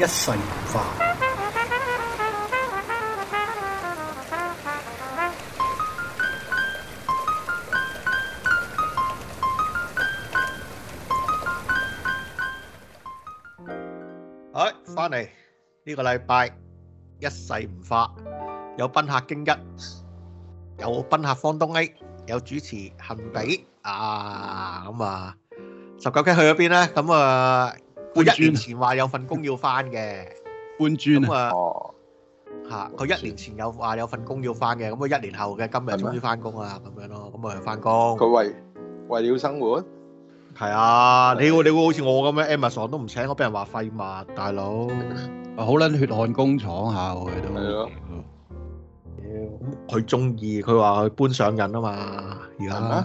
一世唔化。誒，返嚟呢個禮拜一世唔化，有賓客經一，有賓客方東 A，有主持恆比啊咁啊。十九 K 去咗邊呢？咁啊！搬磚前話有份工要翻嘅，搬磚啊！嚇，佢一年前有話有份工要翻嘅，咁佢一年後嘅今日終於翻工啊，咁樣咯，咁啊翻工。佢為為了生活？係啊，你會你會好似我咁樣？Amazon 都唔請我，俾人話廢嘛，大佬！好撚血汗工廠下喎，佢都。係咯。屌！佢中意，佢話佢搬上癮啊嘛，而家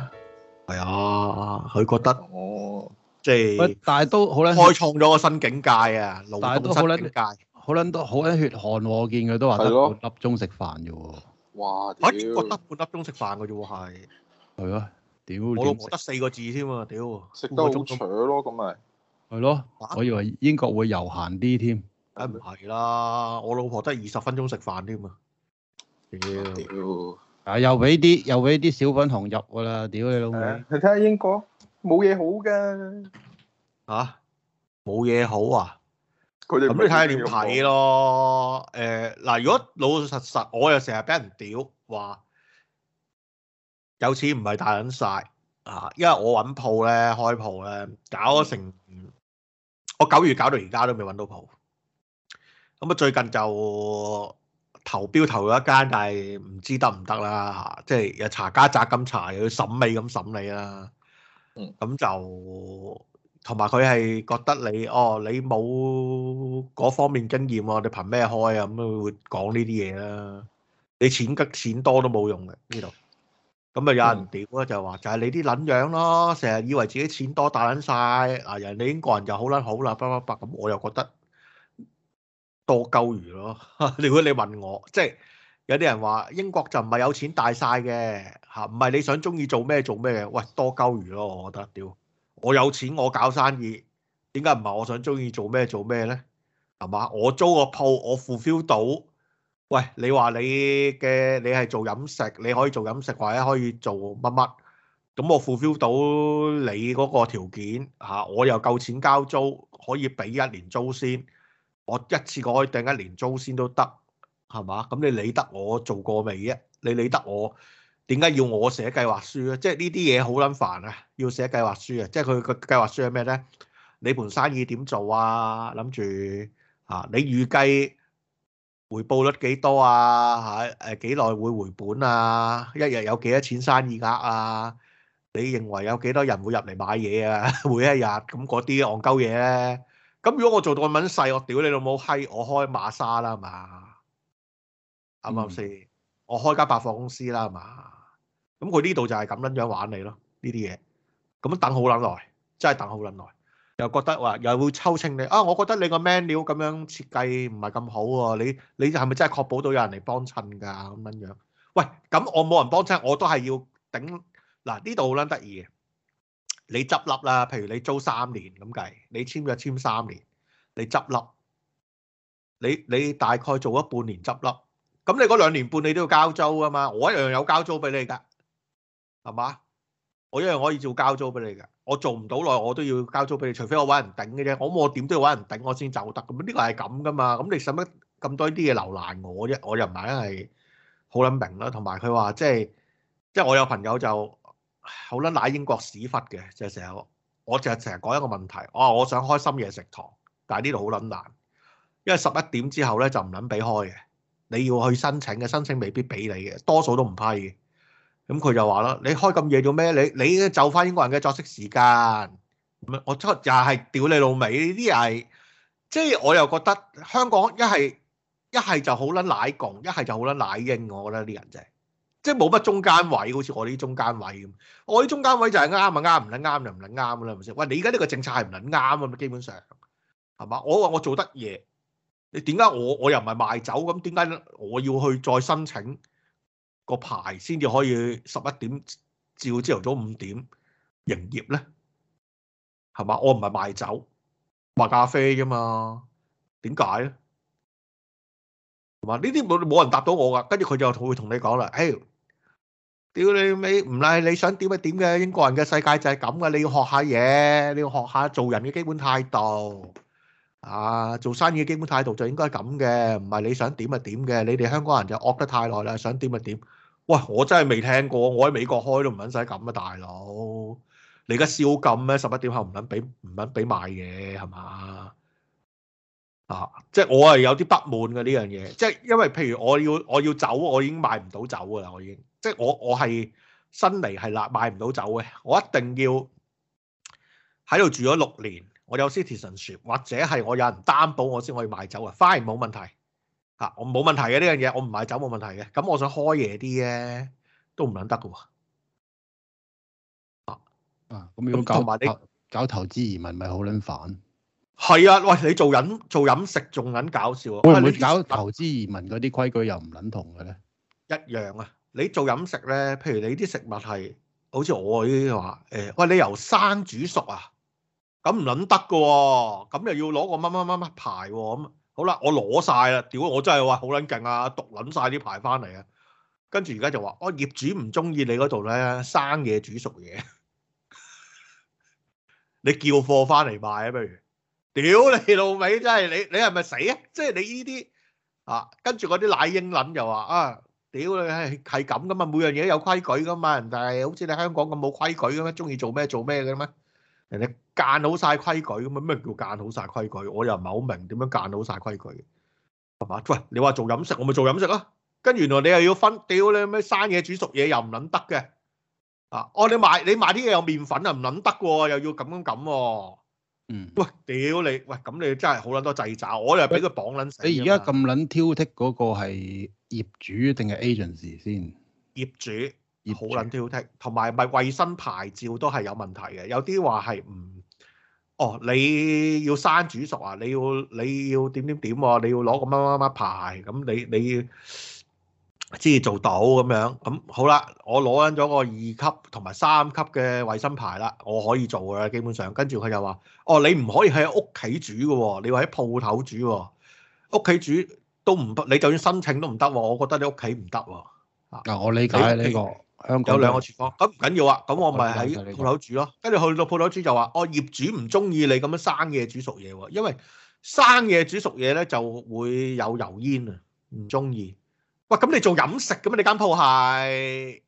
係啊，佢覺得我。即係，但係都好捻，開創咗個新境界啊！勞工新境界，好捻多，好捻血汗喎！我見佢都話得半粒鐘食飯啫喎，哇！我得半粒鐘食飯嘅啫喎，係係咯，屌！我老婆得四個字添啊，屌！食得好扯咯，咁咪係咯？我以為英國會悠閒啲添，誒，唔係啦，我老婆得二十分鐘食飯添啊，屌！啊，又俾啲又俾啲小粉紅入噶啦，屌你老母！你睇下英國。冇嘢好嘅，嚇、啊，冇嘢好啊！咁你睇下點睇咯？誒、呃、嗱，如果老老實實，我又成日俾人屌，話有錢唔係大撚晒。啊！因為我揾鋪咧，開鋪咧，搞咗成我九月搞到而家都未揾到鋪。咁啊，最近就投標投咗一間，但係唔知得唔得啦嚇。即係又查家宅咁查，又要審美咁審你啦。嗯，咁就同埋佢係覺得你，哦，你冇嗰方面經驗喎，你憑咩開啊？咁會講呢啲嘢啦。你錢得錢多都冇用嘅呢度。咁啊，有人屌啦，就係話就係你啲撚樣咯，成日以為自己錢多大撚晒，啊！人哋英國人就好撚好啦，白白白。咁我又覺得多鳩餘咯。 如果你問我，即係。有啲人話英國就唔係有錢大晒嘅嚇，唔係你想中意做咩做咩，嘅。喂多鳩魚咯，我覺得屌！我有錢我搞生意，點解唔係我想中意做咩做咩呢？係嘛？我租個鋪，我 fulfill 到，喂你話你嘅你係做飲食，你可以做飲食或者可以做乜乜，咁我 fulfill 到你嗰個條件嚇、啊，我又夠錢交租，可以俾一年租先，我一次過可以訂一年租先都得。係嘛？咁你理得我做過未啫？你理得我點解要我寫計劃書咧？即係呢啲嘢好撚煩啊！要寫計劃書啊！即係佢個計劃書係咩咧？你盤生意點做啊？諗住嚇你預計回報率幾多啊？嚇誒幾耐會回本啊？一日有幾多錢生意額啊？你認為有幾多人會入嚟買嘢啊？ 每一日咁嗰啲戇鳩嘢咧。咁、啊、如果我做到對文細，我屌你老母閪！我開馬莎啦嘛～啱啱先？嗯、我開間百貨公司啦，係嘛？咁佢呢度就係咁樣樣玩你咯，呢啲嘢。咁等好撚耐，真係等好撚耐。又覺得話，又會抽清你啊！我覺得你個 menu 咁樣設計唔係咁好喎、啊。你你係咪真係確保到有人嚟幫襯㗎咁樣樣？喂，咁我冇人幫襯，我都係要頂。嗱呢度好撚得意嘅，你執笠啦。譬如你租三年咁計，你簽約簽三年，你執笠。你你大概做咗半年執笠。咁你嗰兩年半你都要交租噶嘛？我一樣有交租俾你噶，係嘛？我一樣可以照交租俾你噶。我做唔到耐，我都要交租俾你，除非我揾人頂嘅啫。我我點都要揾人頂我，我先走得咁。呢個係咁噶嘛？咁你使乜咁多啲嘢留難我啫？我又唔係真係好撚明啦。同埋佢話即係即係我有朋友就好撚賴英國屎忽嘅，就係成日我成日成日講一個問題，我我想開深夜食堂，但係呢度好撚難，因為十一點之後呢就唔撚俾開嘅。你要去申請嘅申請未必俾你嘅，多數都唔批嘅。咁、嗯、佢就話啦：，你開咁夜做咩？你你走翻英國人嘅作息時間。我真係又係屌你老味，呢啲嘢，即、就、係、是、我又覺得香港一係一係就好撚奶共，一係就好撚奶英。我覺得啲人就係即係冇乜中間位，好似我啲中間位咁。我啲中間位就係啱啊，啱唔撚啱就唔撚啱啦，係咪先？喂，你而家呢個政策係唔撚啱咁啊？基本上係嘛？我話我做得嘢。你點解我我又唔係賣酒咁？點解我要去再申請個牌先至可以十一點照朝頭早五點營業呢？係嘛？我唔係賣酒賣咖啡㗎嘛？點解呢？係嘛？呢啲冇冇人答到我噶。跟住佢就會同你講啦：誒，屌你尾，唔係你想點就點嘅，英國人嘅世界就係咁嘅。你要學下嘢，你要學下做人嘅基本態度。啊！做生意嘅基本態度就應該係咁嘅，唔係你想點就點嘅。你哋香港人就惡得太耐啦，想點就點。喂，我真係未聽過，我喺美國開都唔撚使咁啊，大佬！你而家笑咁咩？十一點後唔撚俾唔撚俾賣嘢係嘛？啊！即係我係有啲不滿嘅呢樣嘢，即係因為譬如我要我要走，我已經賣唔到酒㗎啦，我已經即係我我係新嚟係啦，賣唔到酒嘅，我一定要喺度住咗六年。我有 citizenship，或者係我有人擔保，我先可以買走 Fine, 啊，反而冇問題吓，我冇問題嘅呢樣嘢，我唔買走冇問題嘅。咁我想開嘢啲咧，都唔捻得嘅。啊啊，咁同埋你、啊、搞投資移民咪好捻煩？係啊，喂，你做飲做飲食仲捻搞笑啊？你搞投資移民嗰啲規矩又唔捻同嘅咧？一樣啊！你做飲食咧，譬如你啲食物係，好似我呢話，誒、欸，喂，你由生煮熟啊？咁唔撚得噶喎，咁又要攞個乜乜乜乜牌喎？咁好啦，我攞曬啦，屌！我真係話好撚勁啊，獨撚曬啲牌翻嚟啊！跟住而家就話，哦，業主唔中意你嗰度咧，生嘢煮熟嘢，你叫貨翻嚟賣啊！不如，屌你老味，真係你你係咪死啊？即係你呢啲啊，跟住嗰啲奶英撚就話啊，屌，你係係咁噶嘛，每樣嘢都有規矩噶嘛，但係好似你香港咁冇規矩噶咩？中意做咩做咩噶咩？你間好晒規矩咁啊？咩叫間好晒規矩？我又唔係好明點樣間好晒規矩，係嘛？喂，你話做飲食，我咪做飲食啊！跟住原來你又要分，屌你咩生嘢煮熟嘢又唔撚得嘅啊！哦，你買你買啲嘢有麵粉啊，唔撚得喎，又要咁咁、啊、嗯，喂，屌你，喂，咁你真係好撚多掣肘，我又俾佢綁撚死。你而家咁撚挑剔嗰個係業主定係 agency 先？業主。好撚挑剔，同埋咪衞生牌照都係有問題嘅。有啲話係唔，哦，你要生煮熟啊，你要你要點點點喎，你要攞個乜乜乜牌，咁你你要先做到咁樣。咁、嗯、好啦，我攞緊咗個二級同埋三級嘅衞生牌啦，我可以做啦，基本上。跟住佢又話，哦，你唔可以喺屋企煮嘅喎，你話喺鋪頭煮喎，屋企煮，煮都唔得，你就算申請都唔得喎。我覺得你屋企唔得喎。嗱，我理解呢個。有兩個廚房，咁唔緊要啊，咁我咪喺鋪頭煮咯。跟住去到鋪頭煮就話，哦，業主唔中意你咁樣生嘢煮熟嘢喎，因為生嘢煮熟嘢咧就會有油煙啊，唔中意。喂，咁你做飲食噶嘛？你間鋪係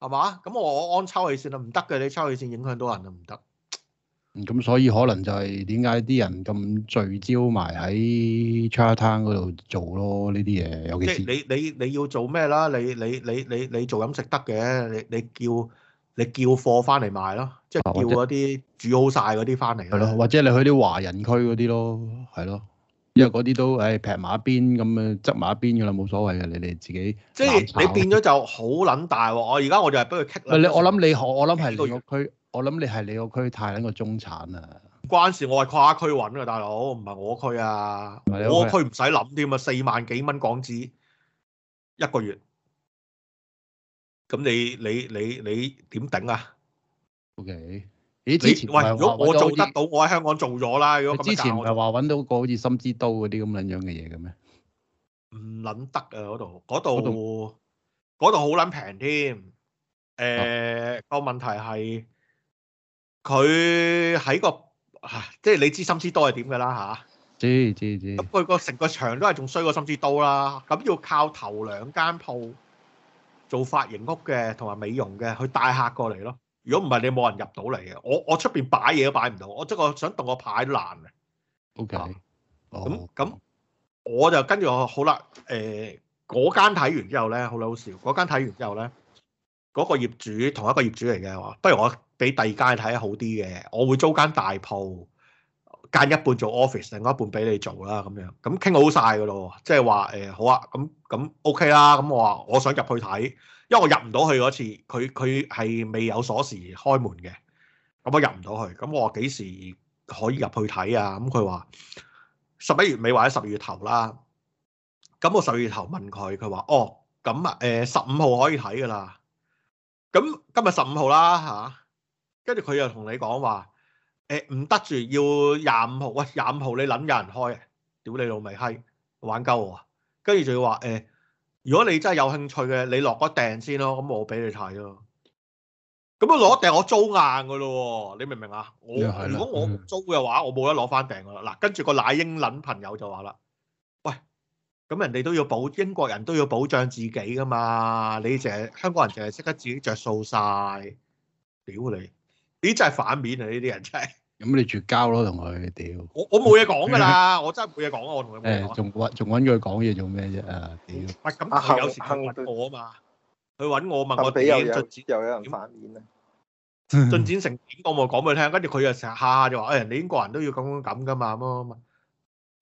係嘛？咁我安抽氣扇啦，唔得嘅，你抽氣扇影響到人啊，唔得。咁所以可能就係點解啲人咁聚焦埋喺 Chatham 嗰度做咯呢啲嘢，尤其係你你你要做咩啦？你你你你你做飲食得嘅，你你叫你叫貨翻嚟賣咯，即係叫嗰啲煮好晒嗰啲翻嚟咯，啊或，或者你去啲華人區嗰啲咯，係咯，因為嗰啲都唉劈埋一邊咁樣，執埋一邊噶啦，冇所謂嘅，你哋自己即係你變咗就好捻大喎！我而家我就係俾佢你，我諗你我諗係個區。我諗你係你個區太捻個中產啦，關事。我係跨區搵㗎，大佬，唔係我區啊。我個區唔使諗添啊，四萬幾蚊港紙一個月，咁你你你你點頂啊？OK，咦，okay. 之前喂，如果我做得到，我喺香港做咗啦。如果咁，之前唔係話搵到個好似心之刀嗰啲咁捻樣嘅嘢嘅咩？唔捻得啊！嗰度嗰度嗰度好捻平添。誒裡，個、呃 oh. 問題係。佢喺個即係你知，心思刀係點嘅啦吓，知知知。咁佢個成個場都係仲衰過心思刀啦。咁要靠頭兩間鋪做髮型屋嘅同埋美容嘅去帶客過嚟咯。如果唔係，你冇人入到嚟嘅。我我出邊擺嘢都擺唔到，我即係想動個牌都難。OK，好咁，我就跟住我好啦。誒、呃，嗰間睇完之後咧，好好笑。嗰間睇完之後咧，嗰、嗰個業主同一個業主嚟嘅，話，不如我。俾第二間睇好啲嘅，我會租間大鋪，間一半做 office，另外一半俾你做啦，咁樣咁傾好曬噶咯，即係話誒好啊，咁咁 OK 啦，咁、嗯、我話我想入去睇，因為我入唔到去嗰次，佢佢係未有鎖匙開門嘅，咁我入唔到去，咁、嗯、我話幾時可以入去睇啊？咁佢話十一月尾或者十二月頭啦，咁、嗯、我十二月頭問佢，佢話哦咁啊誒十五號可以睇噶、嗯、啦，咁今日十五號啦嚇。跟住佢又同你講話，誒、欸、唔得住要廿五號，喂廿五號你諗有人開啊？屌你老味閪，玩鳩我。跟住仲要話誒，如果你真係有興趣嘅，你落個訂先咯，咁我俾你睇咯。咁啊攞訂我租硬噶咯喎，你明唔明啊？我如果我唔租嘅話，嗯、我冇得攞翻訂噶啦。嗱，跟住個奶英撚朋友就話啦，喂，咁人哋都要保英國人都要保障自己噶嘛，你淨係香港人淨係識得自己着數晒，屌你！呢，真係反面啊！呢啲人真係，咁你絕交咯，同佢屌！我我冇嘢講噶啦，我真係冇嘢講啊！我同佢，誒，仲搵仲搵佢講嘢做咩啫？啊，屌！唔係咁，佢有時坑我啊嘛，佢搵我問我點進展，點反面啊？進展成點，我冇講俾佢聽，跟住佢又成日下下就話，誒，你英國人都要咁樣咁噶嘛，咁樣咁嘛。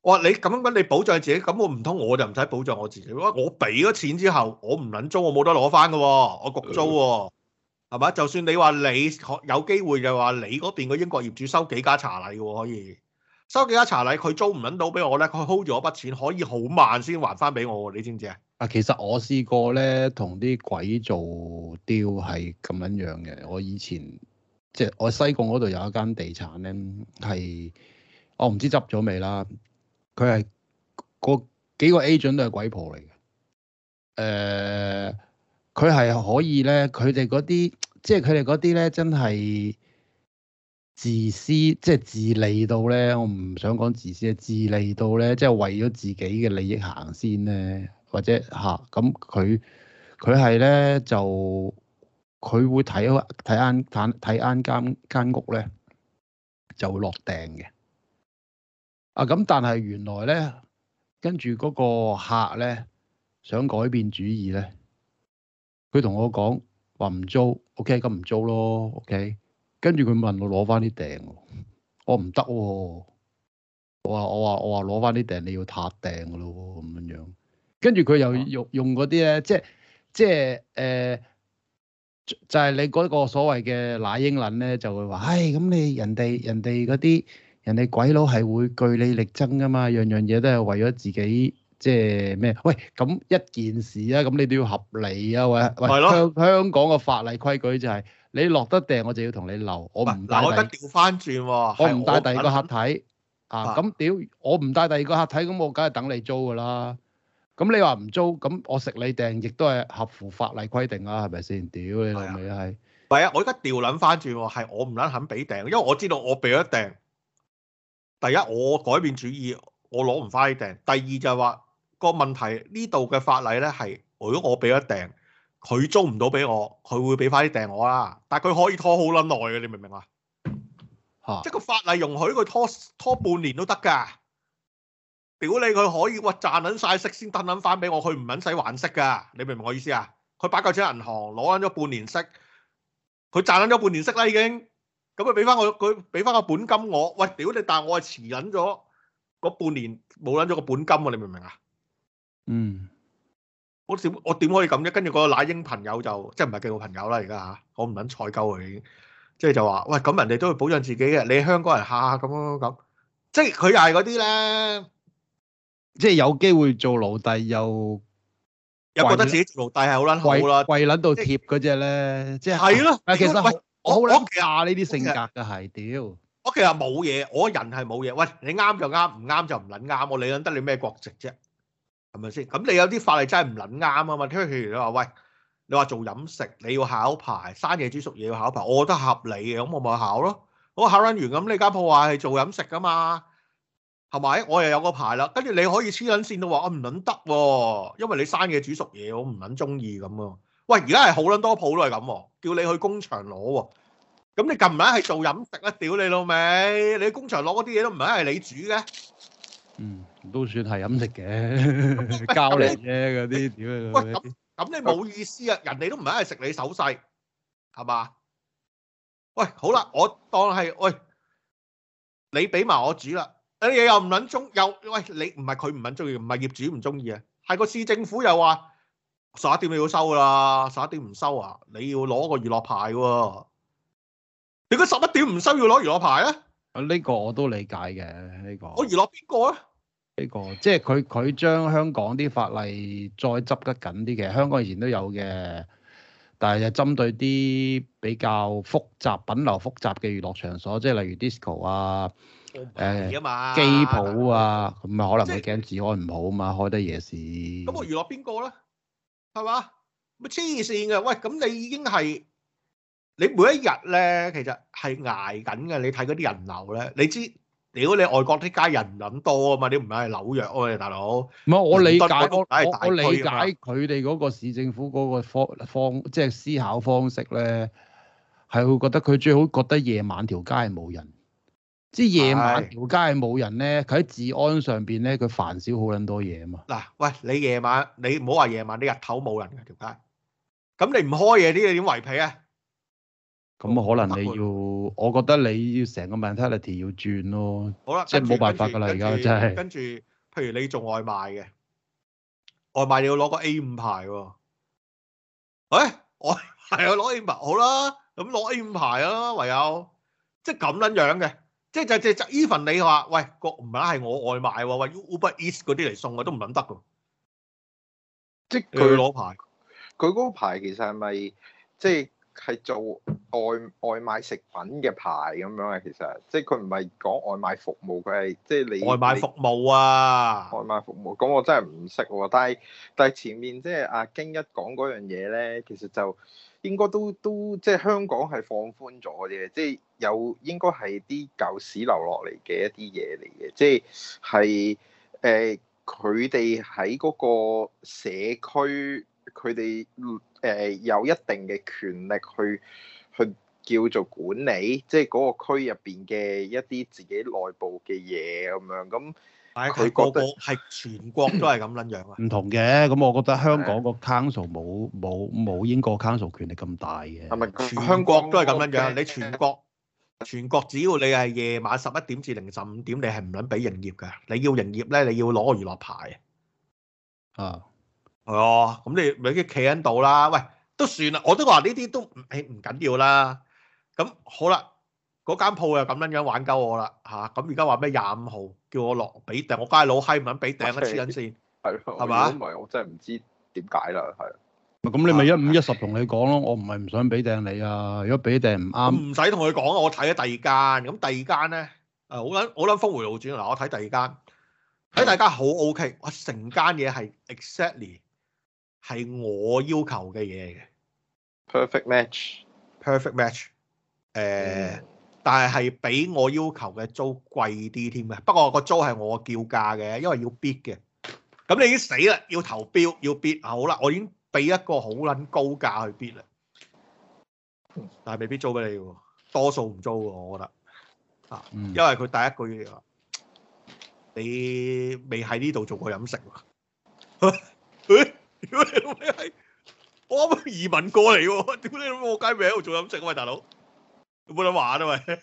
我話你咁樣，你保障自己，咁我唔通我就唔使保障我自己？我我俾咗錢之後，我唔捻租，我冇得攞翻噶，我焗租。係嘛？就算你話你學有機會嘅話，你嗰邊個英國業主收幾家茶禮嘅可以，收幾家茶禮，佢租唔搵到俾我咧，佢 hold 咗一筆錢，可以好慢先還翻俾我，你知唔知啊？嗱，其實我試過咧，同啲鬼做 deal 係咁樣樣嘅。我以前即係、就是、我西貢嗰度有一間地產咧，係我唔知執咗未啦。佢係嗰幾個 agent 都係鬼婆嚟嘅，誒、呃。佢係可以咧，佢哋嗰啲即係佢哋嗰啲咧，真係自私，即係自利到咧，我唔想講自私啊，自利到咧，即係為咗自己嘅利益行先咧，或者吓咁佢佢係咧就佢會睇睇啱睇睇啱間間屋咧就會落訂嘅。啊，咁但係原來咧跟住嗰個客咧想改變主意咧。佢同我講，話唔租，O K，咁唔租咯，O K。OK? 跟住佢問我攞翻啲訂，我唔得、啊，我話我話我話攞翻啲訂，你要撻訂噶咯，咁樣樣。跟住佢又用、啊、用嗰啲咧，即係即係誒、呃，就係、是、你嗰個所謂嘅乸英輪咧，就會話，唉，咁你人哋人哋嗰啲人哋鬼佬係會據理力爭噶嘛，樣樣嘢都係為咗自己。即係咩？喂，咁一件事啊，咁你都要合理啊，或者向香港個法例規矩就係你落得訂，我就要同你留，我唔帶。我得調翻轉喎，我唔帶第二個客體啊！咁屌，我唔帶第二個客體，咁我梗係等你租㗎啦。咁你話唔租，咁我食你訂，亦都係合乎法例規定啦，係咪先？屌你老味啊！係。係啊，我依家調捻翻轉喎，係我唔捻肯俾訂，因為我知道我俾咗訂，第一我改變主意，我攞唔翻啲訂；第二就係話。個問題呢度嘅法例咧係，如果我俾咗訂，佢租唔到俾我，佢會俾翻啲訂我啦。但係佢可以拖好撚耐嘅，你明唔明啊？哈即係個法例容許佢拖拖半年都得㗎。屌你佢可以，喂賺撚晒息先，得撚翻俾我，佢唔撚使還息㗎。你明唔明我意思啊？佢擺嚿錢喺銀行攞撚咗半年息，佢賺撚咗半年息啦已經。咁佢俾翻我，佢俾翻個本金我，喂屌你！但係我係遲撚咗半年冇撚咗個本金喎，你明唔明啊？嗯，我點我點可以咁啫？跟住個奶鷹朋友就即係唔係幾好朋友啦，而家吓，我唔捻睬鳩佢已經，即係就話喂，咁人哋都會保障自己嘅，你香港人吓咁咁咁，即係佢又係嗰啲咧，即係有機會做奴隸又又覺得自己做奴隸係好捻好啦，跪捻到貼嗰隻咧，即係係咯，其實我我其實呢啲性格嘅係屌，我其實冇嘢，我人係冇嘢，喂，你啱就啱，唔啱就唔捻啱我，你捻得你咩國籍啫？係咪先？咁你有啲法例真係唔捻啱啊嘛！譬如你話，喂，你話做飲食你要考牌，生嘢煮熟嘢要考牌，我覺得合理嘅，咁我咪考咯。我考撚完，咁你間鋪話係做飲食噶嘛？係咪？我又有個牌啦，跟住你可以黐撚線到話我唔捻得喎，因為你生嘢煮熟嘢，我唔捻中意咁啊！喂，而家係好撚多鋪都係咁，叫你去工場攞喎。咁你近唔撚係做飲食啊？屌你老味！你去工場攞嗰啲嘢都唔係係你煮嘅。嗯。都算係飲食嘅，膠嚟啫嗰啲點樣？喂，咁咁你冇意思啊！人哋都唔係一係食你手勢，係嘛？喂，好啦，我當係喂你俾埋我煮啦。啲嘢又唔撚中，又喂你唔係佢唔撚中意，唔係業主唔中意啊！係個市政府又話十一點你要收噶啦，十一點唔收啊！你要攞個娛樂牌喎？你嗰十一點唔收要攞娛樂牌啊？啊，呢個我都理解嘅呢個。我娛樂邊個啊？呢個即係佢佢將香港啲法例再執得緊啲，其實香港以前都有嘅，但係就針對啲比較複雜、品流複雜嘅娛樂場所，即係例如 disco 啊、誒、機鋪啊，咁啊可能驚治安唔好啊嘛，開得夜市。咁我娛樂邊個咧？係嘛？咪黐線嘅喂！咁你已經係你每一日咧，其實係挨緊嘅。你睇嗰啲人流咧，你知。如果你外國啲街人唔咁多啊嘛，你唔係紐約啊嘛大佬。唔係，我理解我我理解佢哋嗰個市政府嗰個方方即係思考方式咧，係會覺得佢最好覺得夜晚條街係冇人。即係夜晚條街係冇人咧，佢喺治安上邊咧，佢煩少好撚多嘢啊嘛。嗱，喂，你夜晚你唔好話夜晚，你日頭冇人嘅條街，咁你唔開嘢，你點維皮啊？咁可能你要，我覺得你要成個 mentality 要轉咯。好啦，即係冇辦法噶啦而家，真係。跟住，譬如你做外賣嘅，外賣你要攞個 A 五牌喎。誒，我係啊，攞 A 五牌好啦，咁攞 A 五牌啊，唯有即係咁樣樣嘅，即係就就就 even 你話喂，唔係，係我外賣喎，喂 Uber Eats 嗰啲嚟送嘅都唔諗得噶。即係佢攞牌，佢嗰個牌其實係咪即係？係做外外賣食品嘅牌咁樣啊，其實即係佢唔係講外賣服務，佢係即係你外賣服務啊，外賣服務，咁我真係唔識喎。但係但係前面即係、啊、阿經一講嗰樣嘢咧，其實就應該都都即係香港係放寬咗嘅，即係有應該係啲舊市留落嚟嘅一啲嘢嚟嘅，即係係誒佢哋喺嗰個社區，佢哋誒有一定嘅權力去去叫做管理，即係嗰個區入邊嘅一啲自己內部嘅嘢咁樣咁。係佢個個係全國都係咁撚樣啊？唔同嘅，咁我覺得香港個 council 冇冇冇英國 council 權力咁大嘅。係咪？全香港都係咁撚樣。你全國全國只要你係夜晚十一點至凌晨五點，你係唔撚俾營業㗎。你要營業咧，你要攞個娛樂牌啊！係啊，咁你咪啲企喺度啦。喂，都算啦，我都話呢啲都誒唔緊要啦。咁好啦，嗰間鋪又咁樣樣玩鳩我啦嚇。咁而家話咩廿五號叫我落俾訂，我家佬閪唔肯俾訂，黐緊線係咪啊？唔係，我真係唔知點解啦。係咁，你咪一五一十同你講咯。我唔係唔想俾訂你啊。如果俾訂唔啱，唔使同佢講。我睇咗第二間，咁第二間咧，誒我諗我諗峰回路轉嗱。我睇第二間，喺大家好 O K，哇，成間嘢係 excellent。係我要求嘅嘢嘅，perfect match，perfect match，誒，match . uh, mm. 但係係俾我要求嘅租貴啲添嘅，不過個租係我叫價嘅，因為要 bid 嘅，咁你已經死啦，要投標要 bid，好啦，我已經俾一個好捻高價去 bid 啦，但係未必租俾你嘅，多數唔租嘅，我覺得，啊，mm. 因為佢第一句，嘢你未喺呢度做過飲食 屌你老味係， 我移民過嚟喎。屌你老味，我街尾度做飲食啊喂，大佬冇得玩啊喂。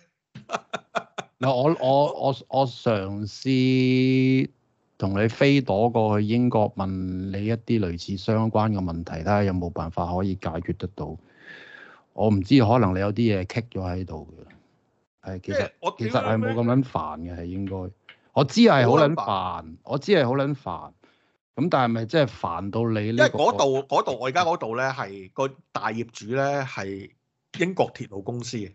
嗱， 我我我我嘗試同你飛躲過去英國，問你一啲類似相關嘅問題，睇下有冇辦法可以解決得到。我唔知，可能你有啲嘢棘咗喺度嘅。係，其實、欸、我、啊、其實係冇咁捻煩嘅，係應該。我知係好捻煩，煩我知係好捻煩。咁但係咪真係煩到你呢？因為嗰度嗰度我而家嗰度咧係個大業主咧係英國鐵路公司嘅。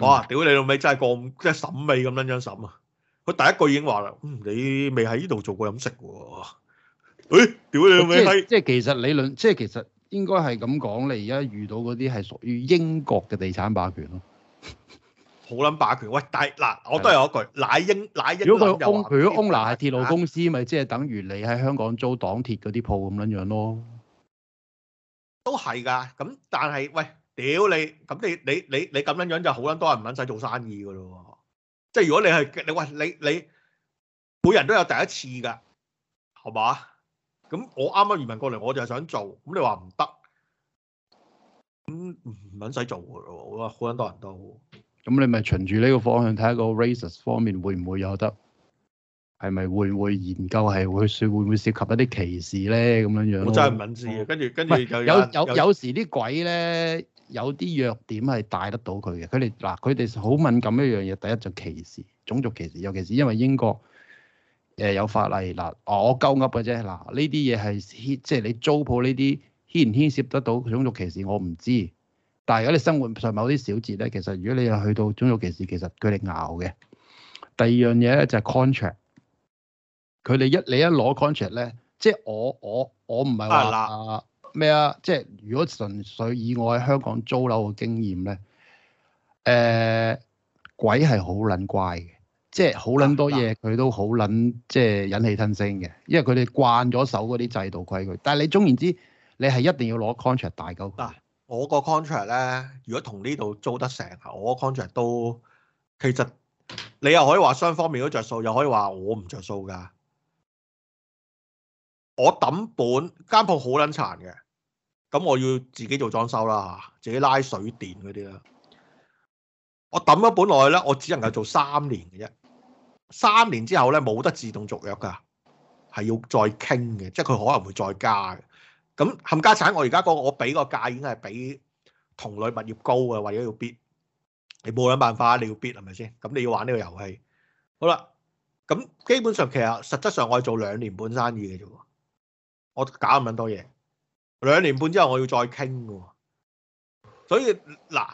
哇！屌你老味，真係個即係審味咁樣樣審啊！佢第一句已經話啦，你未喺呢度做過飲食喎？誒，屌你老味！即係即係，其實理論即係其實應該係咁講，你而家遇到嗰啲係屬於英國嘅地產霸權咯。好撚霸權喂！但係嗱，我都有一句乃英的乃英。乃英如果佢 con 嗱係鐵路公司，咪即係等於你喺香港租港鐵嗰啲鋪咁樣樣咯。都係㗎，咁但係喂，屌你咁你你你你咁樣樣就好撚多人唔撚使做生意㗎咯。即係如果你係你喂你你每人都有第一次㗎，係嘛？咁我啱啱移民過嚟，我就係想做。咁你話唔得？咁唔撚使做㗎咯，好撚多人都。咁你咪循住呢個方向睇下個 races 方面會唔會有得，係咪會唔會研究係會涉會唔會涉及一啲歧視咧咁樣樣？我真係唔敏知，跟住跟住有有有，有時啲鬼咧有啲弱點係帶得到佢嘅，佢哋嗱佢哋好敏感一樣嘢，第一就歧視，種族歧視，尤其是因為英國誒、呃、有法例嗱，我鳩噏嘅啫，嗱呢啲嘢係牽即係你租鋪呢啲牽唔牽涉得到種族歧視，我唔知。但係如果你生活上某啲小節咧，其實如果你又去到種族歧視，其實佢哋拗嘅。第二樣嘢咧就係、是、contract，佢哋一你一攞 contract 咧，即係我我我唔係話啊咩啊，即係如果純粹以我喺香港租樓嘅經驗咧，誒、呃、鬼係好撚怪嘅，即係好撚多嘢佢都好撚即係忍氣吞聲嘅，因為佢哋慣咗守嗰啲制度規矩。但係你總言之，你係一定要攞 contract 大嚿。我個 contract 咧，如果同呢度租得成，我個 contract 都其實你又可以話雙方面都着數，又可以話我唔着數㗎。我抌本間鋪好撚殘嘅，咁我要自己做裝修啦，自己拉水電嗰啲啦。我抌咗本落去咧，我只能夠做三年嘅啫。三年之後咧，冇得自動續約㗎，係要再傾嘅，即係佢可能會再加嘅。咁冚家產，我而家講我俾個價已經係比同類物業高嘅，或者要 bid，你冇諗辦法，你要 bid 係咪先？咁你要玩呢個遊戲，好啦，咁基本上其實實質上我係做兩年半生意嘅啫喎，我搞咁多嘢，兩年半之後我要再傾嘅喎，所以嗱，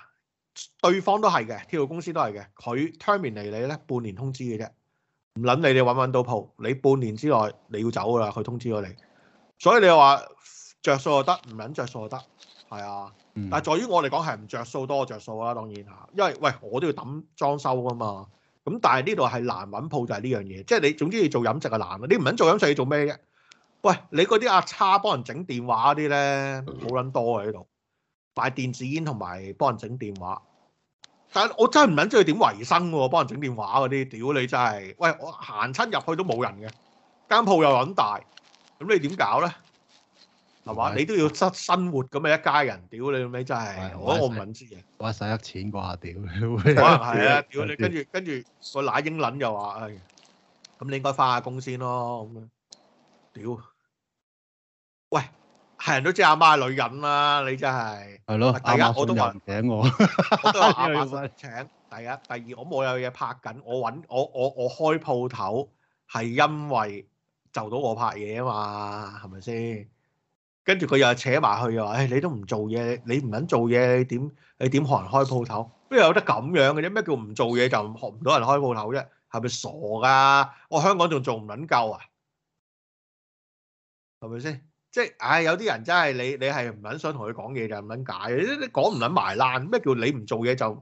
對方都係嘅，鐵路公司都係嘅，佢 terminate 你咧半年通知嘅啫，唔諗你你揾唔揾到鋪，你半年之內你要走噶啦，佢通知咗你，所以你話。着數就得，唔撚着，着數就得，係啊。但係在於我嚟講係唔着數多過着數啦，當然嚇。因為喂，我都要抌裝修噶嘛。咁但係呢度係難揾鋪就係呢樣嘢，即係你總之要做飲食係難啊。你唔撚做飲食你做咩啫？喂，你嗰啲阿叉幫人整電話嗰啲咧，冇撚多喺呢度，擺電子煙同埋幫人整電話。但係我真係唔撚知佢點維生喎，幫人整電話嗰啲，屌你真係。喂，我行親入去都冇人嘅，間鋪又撚大，咁你點搞咧？係嘛？你都要失生活咁嘅一家人，屌你老味真係，我我唔知嘅。話使得錢啩？屌！可能係啊！屌行你，跟住跟住個乸英撚又話，誒、哎，咁、嗯、你應該翻下工先咯。咁樣，屌！喂，係人都知阿媽係女人啦、啊，你真係。係咯的，阿馬信又唔請我，啊、我都話阿馬信請。第一、第二，我冇有嘢拍緊，我揾我我我，我，我，我開鋪頭係因為就到我拍嘢啊嘛，係咪先？是跟住佢又扯埋去又話，唉你都唔做嘢，你唔肯做嘢，你點你點學人開鋪頭？邊有得咁樣嘅啫？咩叫唔做嘢就學唔到人開鋪頭啫？係咪傻噶？我香港仲做唔捻夠啊？係咪先？即係唉，有啲人真係你你係唔捻想同佢講嘢就唔捻解，你你講唔捻埋爛咩叫你唔做嘢就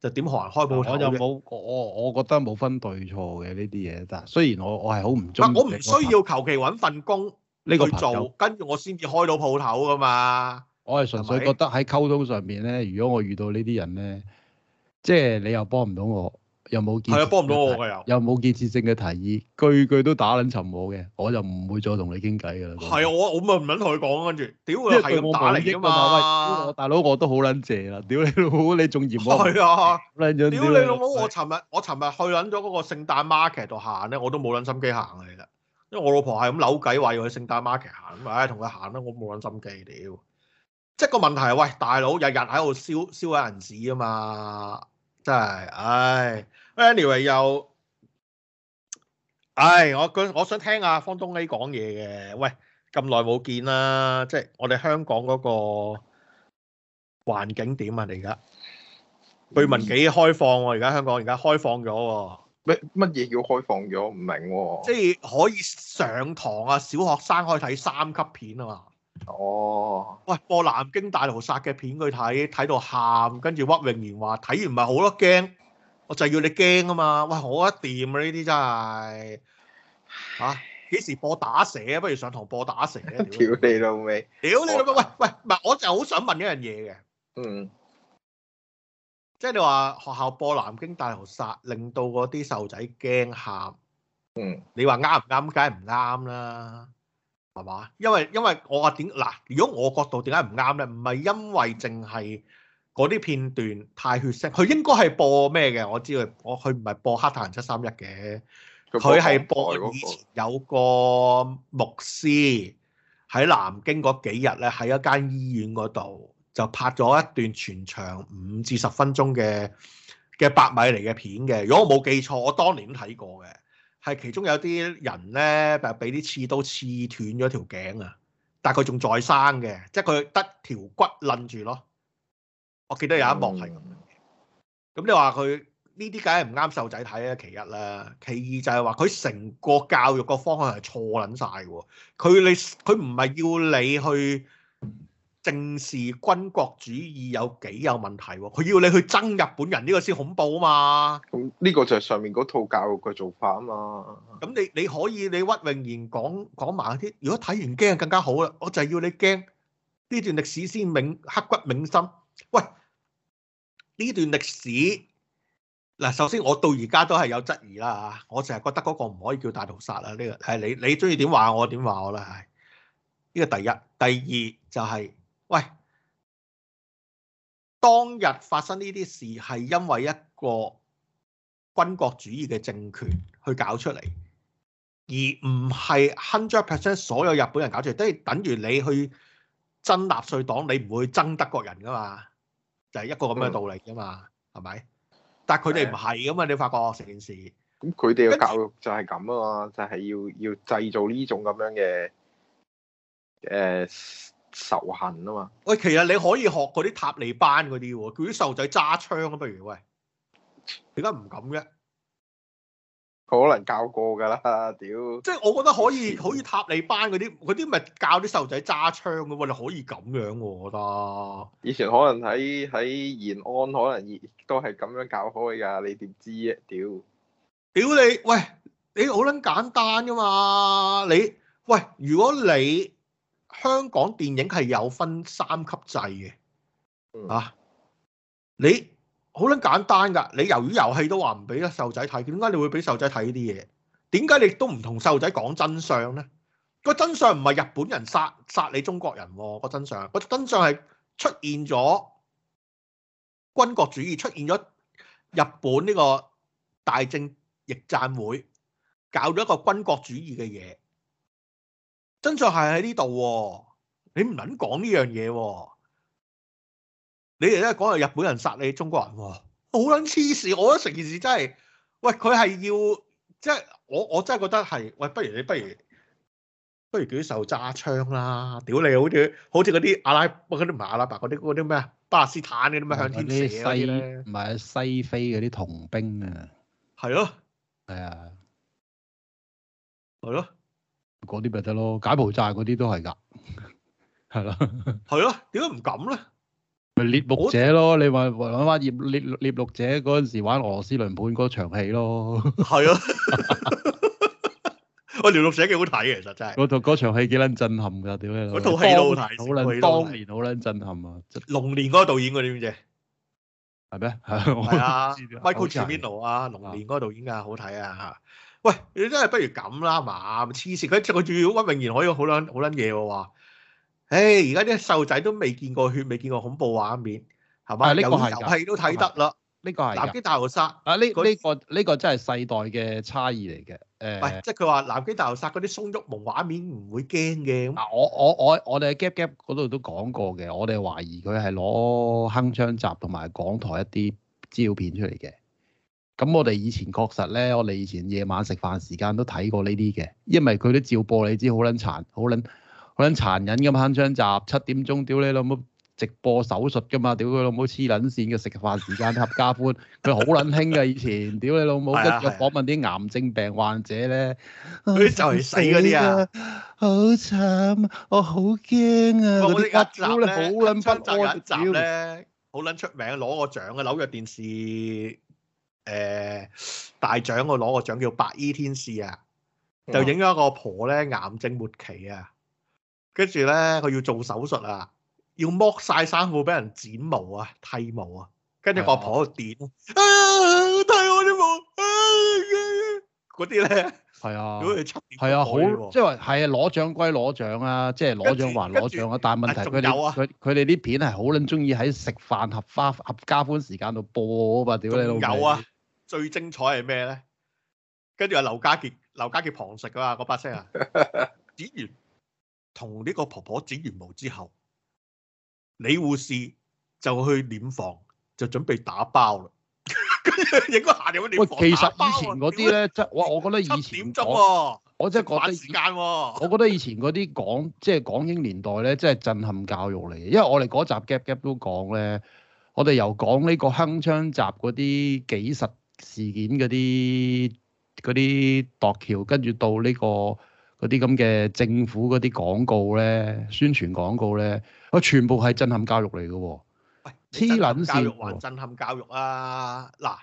就點學人開鋪頭？我就冇我我我覺得冇分對錯嘅呢啲嘢，但係雖然我我係好唔中，我唔需要求其搵份工。去做，跟住我先至開到鋪頭噶嘛。我係純粹覺得喺溝通上面咧，如果我遇到呢啲人咧，即係你又幫唔到我，又冇係啊，幫唔到我，又冇建設性嘅提議，句句都打捻沉我嘅，我就唔會再同你傾偈噶啦。係啊，我我咪唔捻同佢講，跟住，屌又係咁打嚟益啊嘛。大佬我都好捻謝啦，屌你老母，你仲嫌我？係啊，屌你老母，我尋日我尋日去捻咗嗰個聖誕 market 度行咧，我都冇捻心機行噶啦。因為我老婆係咁扭計，話要去聖誕 market 行，咪同佢行咯。我冇揾心機，屌！即係個問題係，喂，大佬日日喺度燒燒下銀紙啊嘛，真係，唉，Anyway，又，唉，我我想聽阿方東威講嘢嘅，喂，咁耐冇見啦，即係我哋香港嗰個環境點啊？你而家據聞幾開放喎、啊？而家香港而家開放咗喎、啊。咩乜嘢要開放咗？唔明喎、哦。即係可以上堂啊，小學生可以睇三級片啊嘛。哦。喂，播南京大屠殺嘅片佢睇，睇到喊，跟住屈穎妍話睇完唔係好咯驚，我就係要你驚啊嘛。喂，好得掂啊呢啲真係。嚇、啊？幾時播打蛇啊？不如上堂播打蛇啊！屌你老味！屌你老味！喂喂，唔係我就好想問一樣嘢嘅。嗯。即係你話學校播南京大屠殺，令到嗰啲細路仔驚喊。嗯，你話啱唔啱？梗係唔啱啦，係嘛？因為因為我話點嗱，如果我角度點解唔啱咧？唔係因為淨係嗰啲片段太血腥，佢應該係播咩嘅？我知道，我佢唔係播黑太人七三一嘅，佢係播，播以前有個牧師喺、那個、南京嗰幾日咧，喺一間醫院嗰度，就拍咗一段全長五至十分鐘嘅嘅八米厘嘅片嘅，如果我冇記錯，我當年睇過嘅，係其中有啲人咧，就俾啲刺刀刺斷咗條頸啊，但係佢仲在生嘅，即係佢得條骨攆住咯。我記得有一幕係咁樣嘅。咁你話佢呢啲梗係唔啱瘦仔睇啊？其一啦，其二就係話佢成個教育個方向係錯撚晒嘅。佢你佢唔係要你去。正視軍國主義有幾有問題喎、啊？佢要你去憎日本人呢、呢個先恐怖啊嘛！呢個就係上面嗰套教育嘅做法啊嘛。咁你你可以你屈穎妍講講埋啲，如果睇完驚更加好啦。我就係要你驚呢段歷史先銘刻骨銘心。喂，呢段歷史嗱，首先我到而家都係有質疑啦嚇，我就係覺得嗰個唔可以叫大屠殺啦。呢個、呢個係你你中意點話我點話我啦係。呢、呢個第一，第二就係、是。喂，當日發生呢啲事係因為一個軍國主義嘅政權去搞出嚟，而唔係 hundred percent 所有日本人搞出嚟，都係等於你去憎納粹黨，你唔會憎德國人噶嘛，就係、是、一個咁嘅道理噶嘛，係咪、嗯？但係佢哋唔係噶嘛，嗯、你發覺成件事。咁佢哋嘅教育就係咁啊，嘛著，就係要要製造呢種咁樣嘅誒。Uh, 仇恨啊嘛！喂，其實你可以學嗰啲塔利班嗰啲喎，叫啲細路仔揸槍啊！不如，喂，點解唔咁嘅？可能教過㗎啦，屌！即係我覺得可以，可以好似塔利班嗰啲，嗰啲咪教啲細路仔揸槍嘅喎，你可以咁樣喎，我覺得。以前可能喺喺延安，可能都係咁樣教開㗎，你點知啊？屌！屌你，喂，你好撚簡單㗎嘛？你喂，如果你香港電影係有分三級制嘅，啊！你好撚簡單㗎，你由於遊戲都話唔俾啲細路仔睇，點解你會俾細路仔睇呢啲嘢？點解你都唔同細路仔講真相呢？個真相唔係日本人殺殺你中國人喎，啊，個真相個真相係出現咗軍國主義，出現咗日本呢個大政翼贊會搞咗一個軍國主義嘅嘢。真相係喺呢度喎，你唔撚講呢樣嘢喎，你哋都係講係日本人殺你中國人喎、哦，好撚黐線！我覺得成件事真係，喂佢係要即係我我真係覺得係，喂不如你不如不如舉手揸槍啦，屌你好似好似嗰啲阿拉伯嗰啲唔係阿拉伯嗰啲啲咩啊，巴勒斯坦嗰啲咩向天射咧，唔係西非嗰啲童兵啊，係咯，係啊，係咯、啊。嗰啲咪得咯，解僕仔嗰啲都係噶，係啦，係咯，點解唔敢咧？獵鹿者咯，你話玩玩葉獵獵鹿者嗰陣時玩俄羅斯輪盤嗰場戲咯，係咯的，我獵鹿者幾好睇嘅，其實真係。嗰套嗰場戲幾撚震撼㗎，點咧？嗰套戲都好睇，好撚當年好撚震撼啊！龍年嗰個導演嗰啲咩？係咩？Michael Cimino 啊，龍年嗰個導演㗎，好睇啊！喂，你真係不如咁啦，咁黐線！佢佢仲要温榮賢可以好撚好撚嘢喎話。誒，而家啲細路仔都未見過血，未見過恐怖畫面，係咪？呢個係。遊戲 ww 都睇得啦。呢個係。南《南京大屠殺》啊，呢、這、呢個呢、這個這個真係世代嘅差異嚟嘅。誒是，即係佢話《南京大屠殺》嗰啲鬆郁矇畫面唔會驚嘅。嗱，我我我我哋喺 Gap Gap 嗰度都講過嘅，我哋懷疑佢係攞《鏗鏘集》同埋港台一啲資料片出嚟嘅。咁我哋以前確實咧，我哋以前夜晚食飯時間都睇過呢啲嘅，因為佢都照播，你知好撚殘，好撚好撚殘忍咁鏗鏘集，七點鐘屌你老母直播手術㗎嘛，屌佢老母黐撚線嘅食飯時間合家歡，佢好撚興㗎以前，屌你老母跟住訪問啲癌症病患者咧，佢就嚟死嗰啲啊，好慘，我好驚啊，嗰啲鏗鏘集咧，鏗鏘集鏗鏘集咧，好撚出名攞個獎嘅紐約電視。誒、欸，大獎我攞個獎叫《白衣天使》啊，就影咗一個婆咧癌症末期啊，跟住咧佢要做手術啊，要剝晒衫褲俾人剪毛啊、剃毛啊，跟住個婆就點，啊、哎、剃我啲毛，嗰啲咧係啊，如果係啊好，即係話係啊，攞獎歸攞獎啊，即係攞獎還攞獎啊，但係問題佢佢佢哋啲片係好撚中意喺食飯合花合家歡時間度播啊嘛，屌你老母！有最精彩係咩咧？跟住話劉家傑、劉家傑旁食啊嘛，嗰把聲啊！ 剪完同呢個婆婆剪完毛之後，李護士就去殮房就準備打包啦。 應該下掉去殮，其實以前嗰啲咧，即係我我覺得以前點鐘，我真係趕時間，我覺得以前嗰啲講即係港英年代咧，真係震撼教育嚟嘅。因為我哋嗰集 gap gap 都講咧，我哋由講呢個鏗鏘集嗰啲幾十。事件嗰啲嗰啲度橋，跟住到呢、這個嗰啲咁嘅政府嗰啲廣告咧，宣傳廣告咧，我全部係震撼教育嚟嘅喎。喂，黐撚線喎！震撼教育啊，嗱、啊，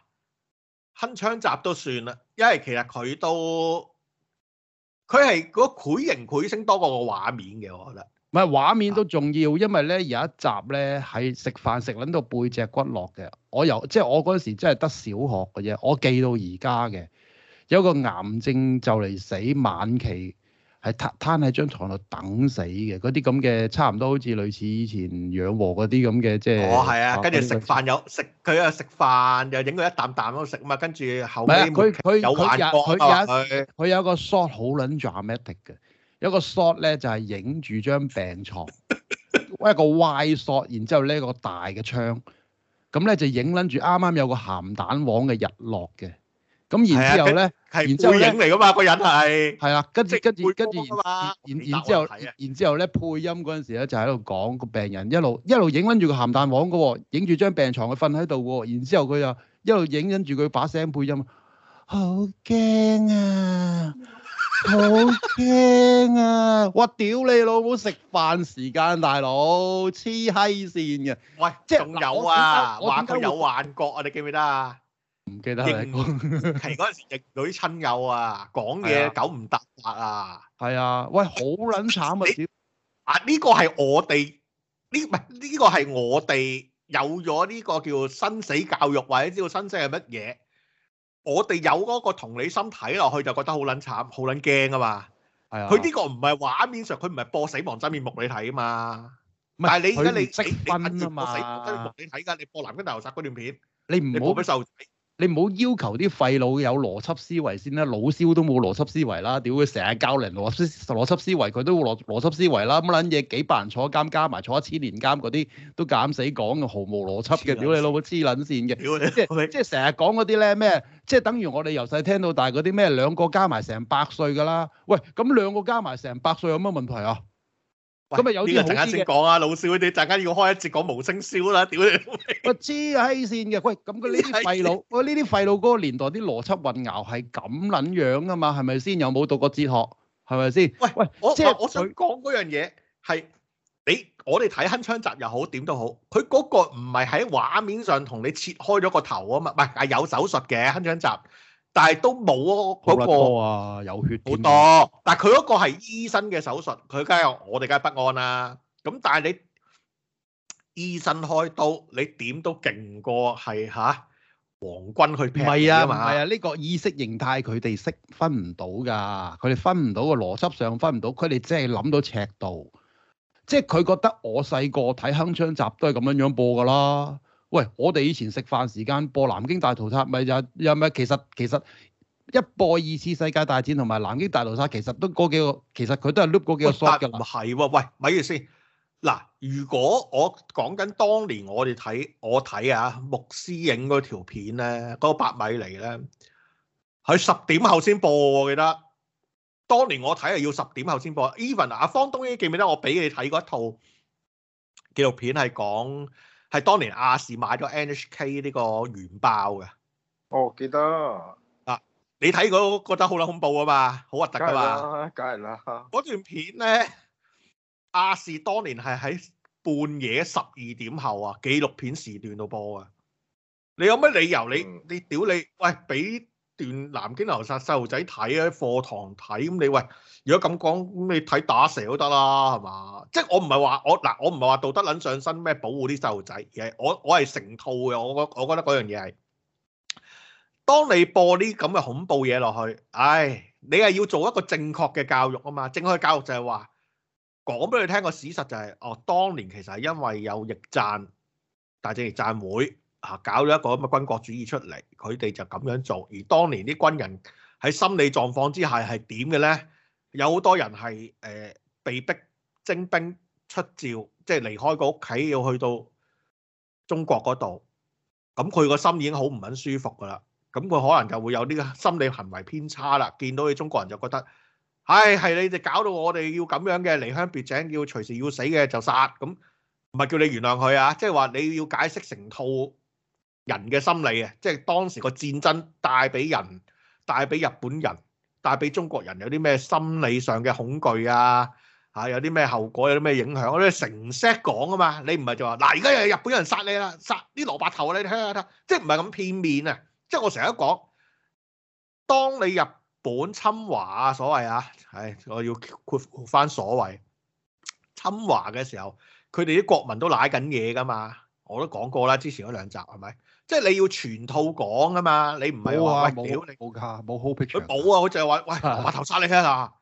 鏗鏘集都算啦，因為其實佢都佢係繪形繪聲多過個畫面嘅，我覺得。唔係畫面都重要，因為咧有一集咧係食飯食撚到背脊骨落嘅。我由即係我嗰陣時真係得小學嘅啫，我記到而家嘅，有個癌症就嚟死晚期，係攤攤喺張床度等死嘅。嗰啲咁嘅差唔多好似類似以前養和嗰啲咁嘅即係。哦，係啊，跟住食飯，飯又食佢啊，食飯又影佢一啖啖喺度食啊嘛，跟住後尾、啊。唔佢佢佢有眼佢佢有，有，有一個 shot 好撚 dramatic 嘅。有個 shot 咧就係影住張病床， 一個歪 shot，然之後呢一個大嘅窗，咁咧就影捻住啱啱有個鹹蛋黃嘅日落嘅，咁然之後咧，係背影嚟噶嘛，個人係係啊，跟住跟住跟住，然然之後，然之後咧配音嗰陣時咧就喺度講個病人一路一路影捻住個鹹蛋黃噶喎，影住張病床佢瞓喺度喎，然之後佢又一路影捻住佢把聲配音，好驚啊！好驚啊！我屌你老母食飯時間，大佬黐閪線嘅。喂，即係仲有啊，幻覺，有幻覺啊，你記唔記得啊？唔記得。疫嗰陣時，逆女親友啊，講嘢九唔搭八啊。係啊，喂，好捻慘啊！啊，呢個係我哋呢？唔係呢個係我哋有咗呢個叫生死教育，或者知道生死係乜嘢。我哋有嗰個同理心睇落去就覺得好撚慘，好撚驚啊嘛。係啊，哎呦，佢呢個唔係畫面上，佢唔係播死亡真面目你睇啊嘛。唔係，你而家你識分啊嘛。死亡真面目你睇噶，你播《南京大屠殺》嗰段片，你唔好播俾細你唔好要，要求啲廢老有邏輯思維先啦，啊，老蕭都冇邏輯思維啦，屌佢成日教人邏輯思邏輯思維，佢都邏邏輯思維啦，乜撚嘢幾百人坐監加埋坐一千年監嗰啲都減死講嘅，毫無邏輯嘅，屌你老母黐撚線嘅，即係即係成日講嗰啲咧咩，即係等於我哋由細聽到大嗰啲咩兩個加埋成百歲㗎啦，喂咁兩個加埋成百歲有乜問題啊？咁咪有？呢個陣間先講啊，老師佢哋陣間要開一節講無聲簫啦，屌你！我知啊閪線嘅，喂，咁佢呢啲廢老，我呢啲廢老嗰個年代啲邏輯混淆係咁撚樣噶嘛，係咪先？有冇讀過哲學，係咪先？喂喂，我即係佢講嗰樣嘢係你我哋睇《鏗鏘集》又好點都好，佢嗰個唔係喺畫面上同你切開咗個頭啊嘛，唔係啊有手術嘅《鏗鏘集》。但係都冇哦、那個，嗰個啊有血點？好多，但係佢嗰個係醫生嘅手術，佢梗係我哋梗係不安啦、啊。咁但係你醫生開刀，你點都勁過係吓，黃、啊、軍去劈。唔係啊嘛，係啊，呢、啊這個意識形態佢哋識分唔到㗎，佢哋分唔到個邏輯上分唔到，佢哋真係諗到尺度，即係佢覺得我細個睇鏗鏘集都係咁樣樣播㗎啦。喂，我哋以前食飯時間播《南京大屠殺》，咪又又咪，其實其實一播二次世界大戰同埋《南京大屠殺》，其實都嗰幾個，其實佢都係碌嗰幾個索嘅。唔係喎，喂，咪住先。嗱，如果我講緊當年我哋睇，我睇啊，牧師影嗰條片咧，嗰、嗰個八米嚟咧，佢十點後先播，我記得。當年我睇係要十點後先播。Even 阿、啊、方東英記唔記得？我俾你睇嗰一套紀錄片係講。係當年亞視買咗 NHK 呢個原爆嘅，哦，哦記得啊，你睇嗰覺得好捻恐怖啊嘛，好核突噶嘛，梗係啦，嗰段片咧，亞視當年係喺半夜十二點後啊，紀錄片時段度播啊，你有乜理由你，嗯、你，你屌你喂俾？南京屠殺細路仔睇，喺課堂睇，咁你喂，如果咁講咁你睇打蛇都得啦，係嘛？即係我唔係話我嗱，我唔係話道德撚上身咩保護啲細路仔，而我我係成套嘅。我我覺得嗰樣嘢係，當你播啲咁嘅恐怖嘢落去，唉、哎，你係要做一個正確嘅教育啊嘛。正確嘅教育就係話講俾你聽個史實就係、是，哦，當年其實係因為有翼贊，大政翼贊會。啊！搞咗一個咁嘅軍國主義出嚟，佢哋就咁樣做。而當年啲軍人喺心理狀況之下係點嘅呢？有好多人係誒、呃、被逼徵兵出召，即係離開個屋企要去到中國嗰度。咁佢個心已經好唔肯舒服噶啦。咁佢可能就會有呢個心理行為偏差啦。見到你中國人就覺得，唉，係你哋搞到我哋要咁樣嘅離鄉別井，要隨時要死嘅就殺。咁唔係叫你原諒佢啊，即係話你要解釋成套。人嘅心理啊，即係當時個戰爭帶俾人、帶俾日本人、帶俾中國人有啲咩心理上嘅恐懼啊，吓有啲咩後果、有啲咩影響，我哋成 set 講啊嘛，你唔係就話嗱，而家又有日本人殺你啦，殺啲蘿蔔頭你聽下睇，即係唔係咁片面啊，即係我成日都講，當你日本侵華啊所謂啊，係我要括翻所謂侵華嘅時候，佢哋啲國民都舐緊嘢噶嘛，我都講過啦，之前嗰兩集係咪？是即係你要全套講啊嘛，你唔係話冇，你冇㗋，冇好 p i c 佢補啊，佢就係話：喂，蘿蔔頭殺你啊！聽下，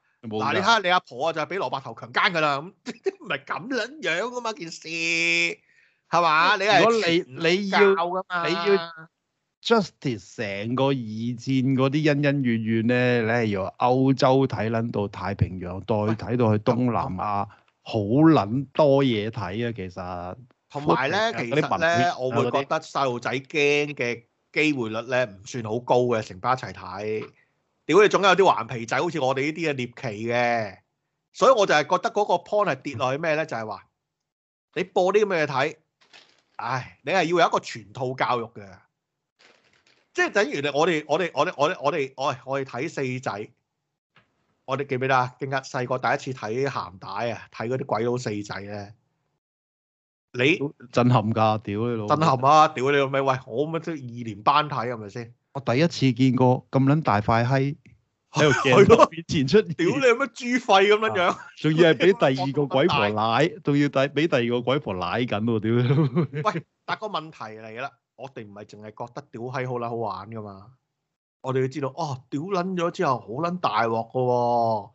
嗱，你睇下你阿婆啊，就係俾蘿蔔頭強奸㗎啦。唔係咁撚樣㗎嘛，件事係嘛？你係你你要你要 justice 成個二戰嗰啲恩恩怨怨咧，你係由歐洲睇撚到太平洋，再睇到去東南亞，好撚多嘢睇啊，其實。同埋咧，其實咧，我會覺得細路仔驚嘅機會率咧，唔算好高嘅。成班一齊睇，屌你，總有啲頑皮仔，好似我哋呢啲嘅獵奇嘅。所以我就係覺得嗰個 point 係跌落去咩咧？就係話你播啲咁嘅嘢睇，唉，你係要有一個全套教育嘅，即係等於你我哋我哋我哋我哋我哋我我哋睇四仔，我哋記唔記得啊？記得細個第一次睇鹹帶啊，睇嗰啲鬼佬四仔咧。你震撼噶，屌你老母，震撼啊！屌你老味喂，我乜都二年班睇係咪先？我第一次見過咁捻大塊閪喺度鏡頭前出，屌你乜豬肺咁樣樣，仲要係俾第二個鬼婆奶，仲要第俾第二個鬼婆奶緊喎，屌！喂，但個問題嚟噶啦，我哋唔係淨係覺得屌閪好捻好玩噶嘛，我哋要知道哦，屌捻咗之後好捻大鑊噶，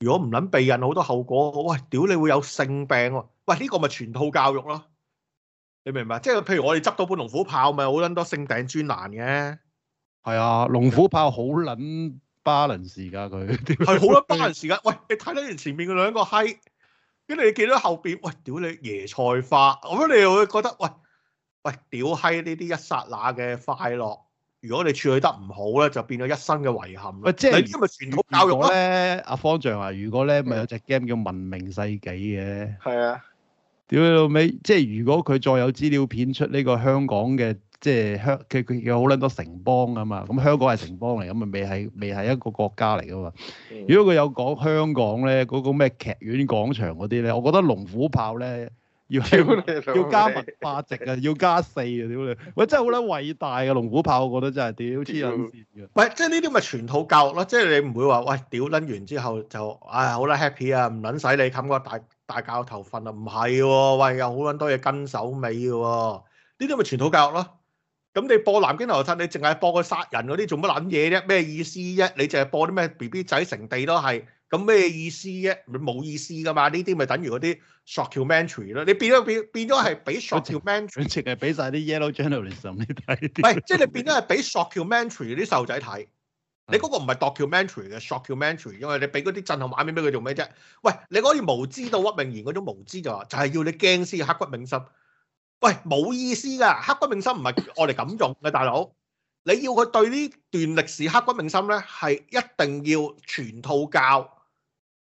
如果唔捻避孕好多後果，喂，屌你會有性病。喂，呢個咪全套教育咯？你明唔明？即係譬如我哋執到本龍虎豹咪好撚多聖頂專欄嘅。係啊，龍虎豹好撚 balance 㗎佢，係好咯 balance 㗎，喂，你睇到前面嗰兩個閪，跟住你見到後邊，喂，屌你椰菜花，咁你又會覺得，喂，喂，屌閪呢啲一剎那嘅快樂，如果你處理得唔好咧，就變咗一生嘅遺憾咯。即係呢啲咪全套教育咯。如果咧，阿方丈話，啊，如果咧，咪有隻 game 叫文明世紀嘅。係啊。屌你老味，即係如果佢再有資料片出呢個香港嘅，即係香佢佢有好撚多城邦啊嘛。咁香港係城邦嚟，咁咪未係未係一個國家嚟噶嘛。嗯、如果佢有講香港咧，嗰、嗰個咩劇院廣場嗰啲咧，我覺得龍虎豹咧要要加文化值啊，要加四啊，屌你！喂，真係好撚偉大嘅龍虎豹，我覺得真係屌黐撚線嘅。喂，即係呢啲咪全套教育咯，即係你唔會話，喂，屌撚完之後就唉好啦 happy 啊，唔撚使你冚個大。大教頭瞓啦，唔係喎，喂，有好撚多嘢跟手尾嘅喎，呢啲咪傳統教育咯。咁、嗯、你播南京屠殺，你淨係播個殺人嗰啲，做乜撚嘢啫？咩意思啫？你淨係播啲咩 BB 仔成地都係，咁咩意思啫？冇意思噶嘛，呢啲咪等於嗰啲 short documentary 咯。你變咗變變咗係俾 short documentary，淨係俾晒啲 yellow journalism 你睇啲。唔係、嗯，即係你變咗係俾 short documentary 啲細路仔睇。你嗰個唔係 documentary 嘅，shockumentary，因為你俾嗰啲震撼畫面俾佢做咩啫？喂，你可以無知到屈明賢嗰種無知就話，就係要你驚先刻骨銘心。喂，冇意思噶，刻骨銘心唔係我哋咁用嘅，大佬。你要佢對呢段歷史刻骨銘心咧，係一定要全套教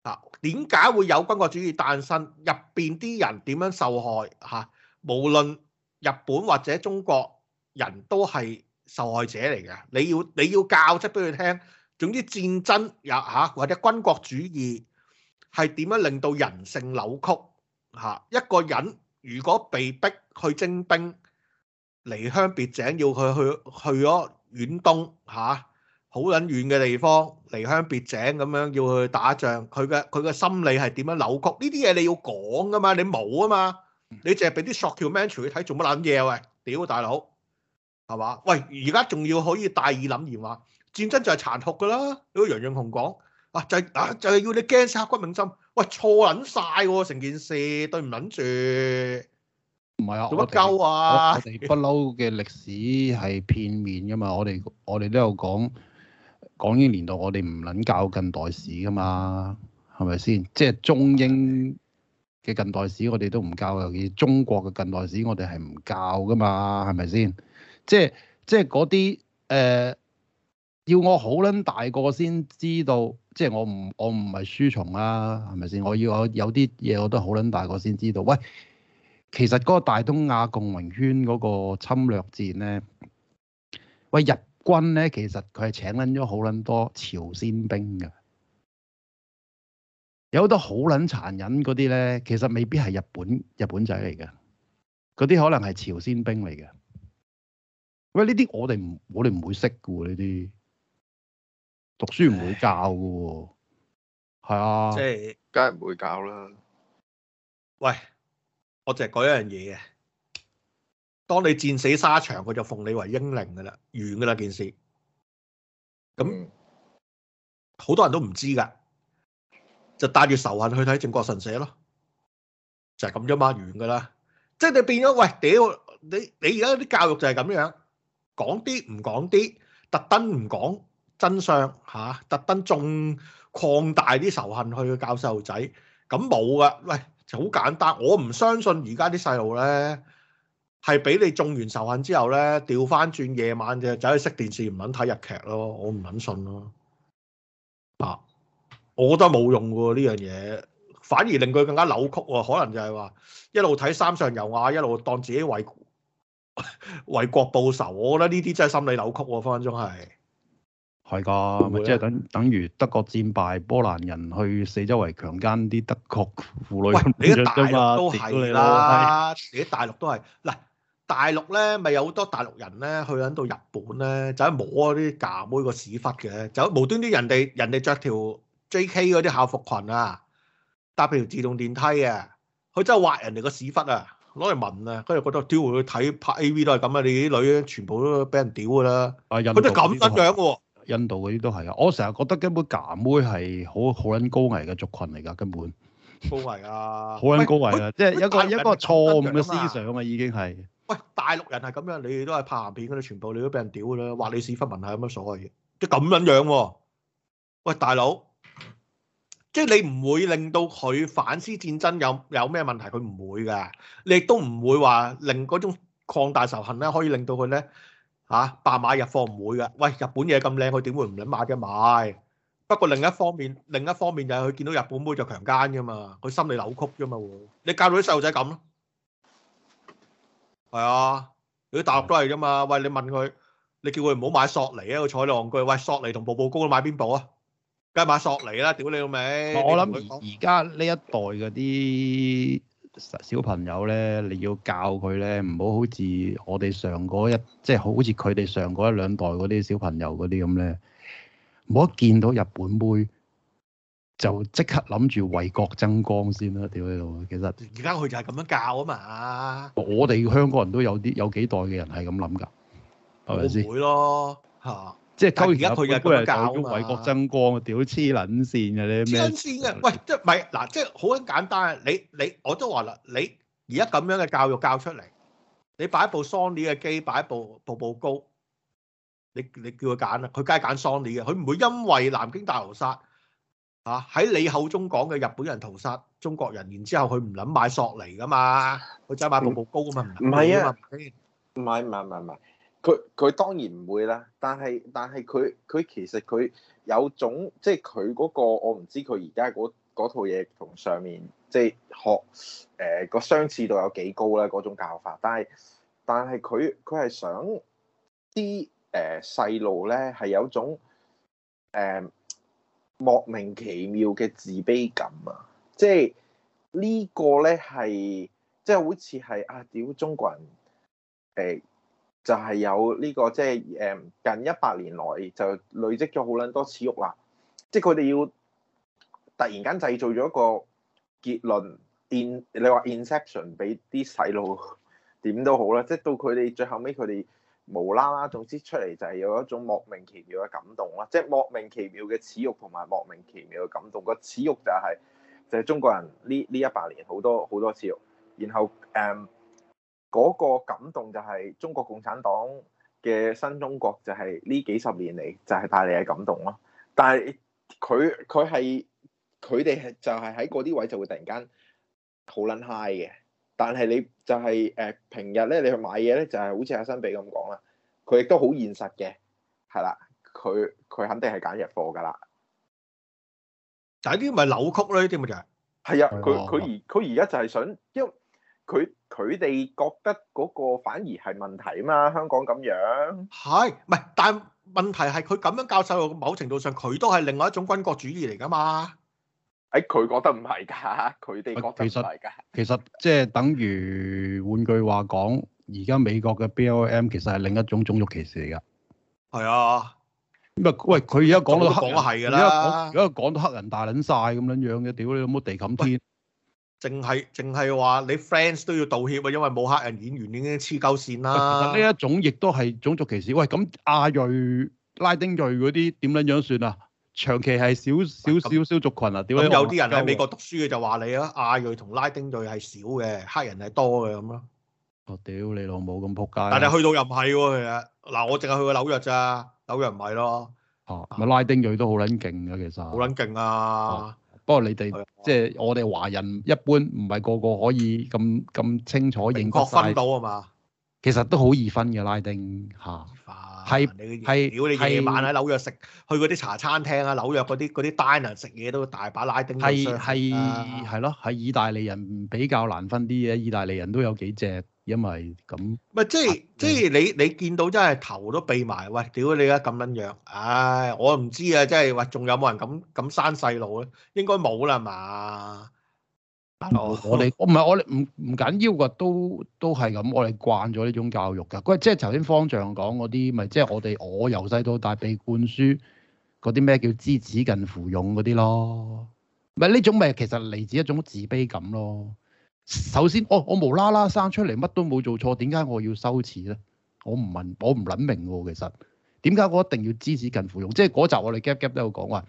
啊。點解會有軍國主義誕生？入邊啲人點樣受害？嚇、啊，無論日本或者中國人都係。受害者嚟嘅，你要你要教出俾佢聽。總之戰爭又嚇或者軍國主義係點樣令到人性扭曲嚇？一個人如果被迫去徵兵，離鄉別井，要佢去去咗遠東嚇，好撚遠嘅地方，離鄉別井咁樣要去打仗，佢嘅佢嘅心理係點樣扭曲？呢啲嘢你要講噶嘛？你冇啊嘛？你淨係俾啲 shockumentary 睇做乜撚嘢啊？喂，屌大佬！係嘛？喂，而家仲要可以大義凜然話，戰爭就係殘酷噶啦。如、這、果、個、楊潤雄講啊，就係、是、啊，就係、是、要你驚死刻骨銘心。喂，錯撚晒喎，成件事對唔撚住。唔係啊，做乜鳩啊？不嬲嘅歷史係片面噶嘛。我哋我哋都有講講港英年代，我哋唔撚教近代史噶嘛，係咪先？即係中英嘅近代史我，我哋都唔教尤其中國嘅近代史，我哋係唔教噶嘛，係咪先？即係即係嗰啲誒，要我好撚大個先知道，即係我唔我唔係書蟲啦，啊，係咪先？我要我有啲嘢，我都好撚大個先知道。喂，其實嗰個大東亞共榮圈嗰個侵略戰咧，喂日軍咧，其實佢係請撚咗好撚多朝鮮兵嘅，有好多好撚殘忍嗰啲咧，其實未必係日本日本仔嚟嘅，嗰啲可能係朝鮮兵嚟嘅。喂，呢啲我哋唔我哋唔會識嘅喎，呢啲讀書唔會教嘅喎，係唉啊，即係梗係唔會教啦。喂，我淨係講一樣嘢嘅，當你戰死沙場，佢就奉你為英靈噶啦，完噶啦件事。咁好多人都唔知噶，就帶住仇恨去睇《靖國神社》咯，就係咁啫嘛，完噶啦。即係你變咗喂，屌你你而家啲教育就係咁樣。講啲唔講啲，特登唔講真相嚇，特登仲擴大啲仇恨去教細路仔，咁冇噶。喂、哎，就好簡單。我唔相信而家啲細路咧係俾你種完仇恨之後咧，調翻轉夜晚就走去熄電視唔肯睇日劇咯。我唔肯信咯。啊，我覺得冇用喎呢樣嘢，反而令佢更加扭曲喎。可能就係話一路睇三上遊話，一路當自己為，為國報仇，我覺得呢啲真係心理扭曲。啊，分分鐘係係噶，的啊、即係等等於德國戰敗，波蘭人去四周圍強姦啲德國婦女，喂，你喺大陸都係啦，你喺大陸都係，嗱，大陸咧咪有好多大陸人咧去到日本咧，就摸啲架妹個屎忽嘅，就無端端人哋人哋着條 J.K. 嗰啲校服裙啊，搭譬如自動電梯啊，佢真係挖人哋個屎忽啊！攞嚟問啊，跟住覺得屌佢睇拍 AV 都係咁啊！你啲女全部都俾人屌噶啦，佢都咁樣喎。印度嗰啲都係啊！我成日覺得根本㗎妹係好好撚高危嘅族群嚟㗎，根本高危啊！好撚 高危啊！喂即係一個喂一個錯誤嘅思想啊，已經係、就是。喂，大陸人係咁樣，你哋都係拍鹹片嗰啲，全部你都俾人屌㗎啦，話你屎忽文下有乜所謂嘅，即係咁撚樣喎！喂，大佬。即係你唔會令到佢反思戰爭有有咩問題，佢唔會㗎。你亦都唔會話令嗰種擴大仇恨咧，可以令到佢咧嚇罷買日貨，唔會㗎。喂，日本嘢咁靚，佢點會唔想買啫？買。不過另一方面，另一方面就係佢見到日本妹就強姦㗎嘛，佢心理扭曲㗎嘛喎。你教到啲細路仔咁咯？係啊，啲大陸都係㗎嘛。喂，你問佢，你叫佢唔好買索尼啊！個彩浪句，喂，索尼同步步高，你買邊部啊？買索尼啦，屌你老味！我諗而家呢一代嗰啲小朋友咧，你要教佢咧，唔好好似我哋上嗰一，即係好似佢哋上嗰一兩代嗰啲小朋友嗰啲咁咧，唔好一見到日本妹，就即刻諗住為國爭光先啦，屌你老！其實而家佢就係咁樣教啊嘛。我哋香港人都有啲有幾代嘅人係咁諗㗎，係咪先？會咯，嚇。即係而家佢又咁教啊嘛，為國爭光啊！屌黐撚線嘅你咩黐撚線嘅？喂，即係唔係嗱？即係好簡單啊！你你我都話啦，你而家咁樣嘅教育教出嚟，你擺一部 Sony 嘅機，擺一部步步高，你你叫佢揀啦，佢梗係揀 Sony 嘅，佢唔會因為南京大屠殺啊喺你口中講嘅日本人屠殺中國人，然之後佢唔諗買索尼噶嘛，佢就買步步高噶嘛，唔係啊？唔係唔係唔係。佢佢當然唔會啦，但係但係佢佢其實佢有種即係佢嗰個，我唔知佢而家嗰套嘢同上面即係、就是、學誒個、呃、相似度有幾高咧嗰種教法，但係但係佢佢係想啲誒細路咧係有種誒、呃、莫名其妙嘅自卑感啊！即係呢個咧係即係好似係啊屌中國人誒～、呃就係有呢個即係誒近一百年來就累積咗好捻多恥辱啦，即係佢哋要突然間製造咗一個結論 in 你話 inception 俾啲細路點都好啦，即係到佢哋最後尾，佢哋無啦啦，總之出嚟就係有一種莫名其妙嘅感動啦，即係莫名其妙嘅恥辱同埋莫名其妙嘅感動，個恥辱就係就係中國人呢呢一百年好多好多恥辱，然後誒。Um, 嗰個感動就係中國共產黨嘅新中國，就係呢幾十年嚟就係帶嚟嘅感動咯。但係佢佢係佢哋係就係喺嗰啲位就會突然間好卵 high 嘅。但係你就係、是、誒、呃，平日咧你去買嘢咧就係、是、好似阿新比咁講啦。佢亦都好現實嘅，係啦。佢佢肯定係揀日貨噶啦。但係呢啲咪扭曲咧？呢啲咪就係。係啊，佢佢而佢而家就係想因。佢佢哋覺得嗰個反而係問題啊嘛，香港咁樣係唔係？但問題係佢咁樣教授，某程度上佢都係另外一種軍國主義嚟㗎嘛。誒，佢覺得唔係㗎，佢哋覺得係㗎。其實即係等於換句話講，而家美國嘅 BLM 其實係另一種種族歧視嚟㗎。係啊，咁啊喂，佢而家講到黑，而家講到黑人大撚曬咁撚樣嘅，屌你老母地冚天！淨係淨係話你 friends 都要道歉啊，因為冇黑人演員已經黐鳩線啦。其實呢一種亦都係種族歧視。喂，咁亞裔拉丁裔嗰啲點撚樣算啊？長期係少少少少族群啊？點啊、嗯？有啲人喺美國讀書嘅就話你啊，亞裔同拉丁裔係少嘅，黑人係多嘅咁咯。我、哦、屌你老母咁仆街！啊、但係去到又唔係喎，其實嗱，我淨係去過紐約咋，紐約唔係咯。哦，咁拉丁裔都好撚勁嘅，其實。好撚勁啊！不過你哋即係我哋華人一般唔係個個可以咁咁清楚認確分到啊嘛，其實都好易分嘅拉丁嚇，係你如果你夜晚喺是紐約食去嗰啲茶餐廳啊，紐約嗰啲嗰啲 diner 食嘢都大把拉丁嘅商啊，係係係咯，係意大利人比較難分啲嘅，意大利人都有幾隻。因為咁，係即係是、啊、即係你你見到真係頭都避埋，喂，屌你而家咁樣樣，唉、哎，我唔知啊，即係，喂，仲有冇人咁咁生細路咧？應該冇啦，係嘛、啊？大佬、哦，我哋我唔係我哋唔唔緊要噶，都都係咁，我哋慣咗呢種教育噶。喂，即係頭先方丈講嗰啲，咪即係我哋我由細到大被灌輸嗰啲咩叫知恥近乎勇嗰啲咯，咪呢種咪其實嚟自一種自卑感咯。首先，哦，我無啦啦生出嚟，乜都冇做錯，點解我要羞恥咧？我唔問，我唔諗明喎。其實點解我一定要知恥近乎勇？即係嗰集我哋 gap gap 都有講話，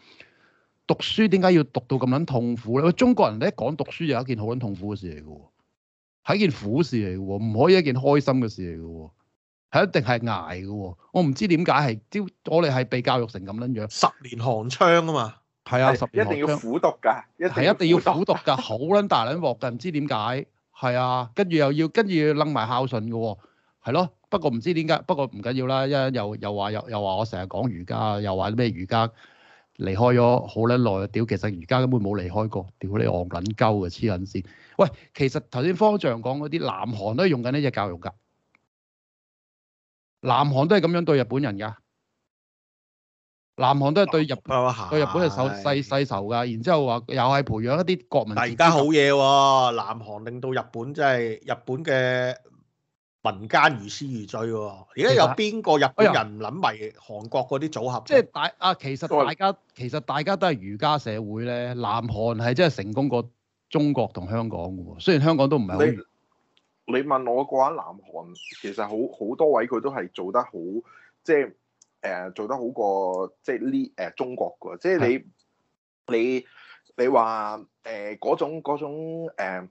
讀書點解要讀到咁撚痛苦咧？中國人咧，一講讀書就係一件好撚痛苦嘅事嚟嘅，係一件苦事嚟嘅，唔可以一件開心嘅事嚟嘅，係一定係捱嘅。我唔知點解係招我哋係被教育成咁撚樣，十年寒窗啊嘛。係啊，是十一定要苦讀噶，係一定要苦讀噶，好撚 大撚鑊噶，唔知點解。係啊，跟住又要跟住要掕埋孝順嘅喎、哦，係咯、啊。不過唔知點解，不過唔緊要啦。一又又話又又話我成日講瑜伽，又話咩瑜伽離開咗好撚耐，屌！其實瑜伽根本冇離開過，屌你戇撚鳩嘅黐撚線。喂，其實頭先方丈講嗰啲，南韓都係用緊呢隻教育噶，南韓都係咁樣對日本人㗎。南韓都係對日本、啊啊、對日本係、啊、仇細細仇㗎，然之後話又係培養一啲國民。但係而家好嘢喎、哦，南韓令到日本真係日本嘅民間如痴如醉喎、哦。而家有邊個日本人唔諗埋韓國嗰啲組合？即係大啊！其實大家其實大家都係儒家社會咧，南韓係真係成功過中國同香港嘅喎。雖然香港都唔係好。你問我關南韓其實好好多位佢都係做得好即係。誒、呃、做得好過即係呢誒中國嘅，即係你是的 你你話誒嗰種嗰種、呃、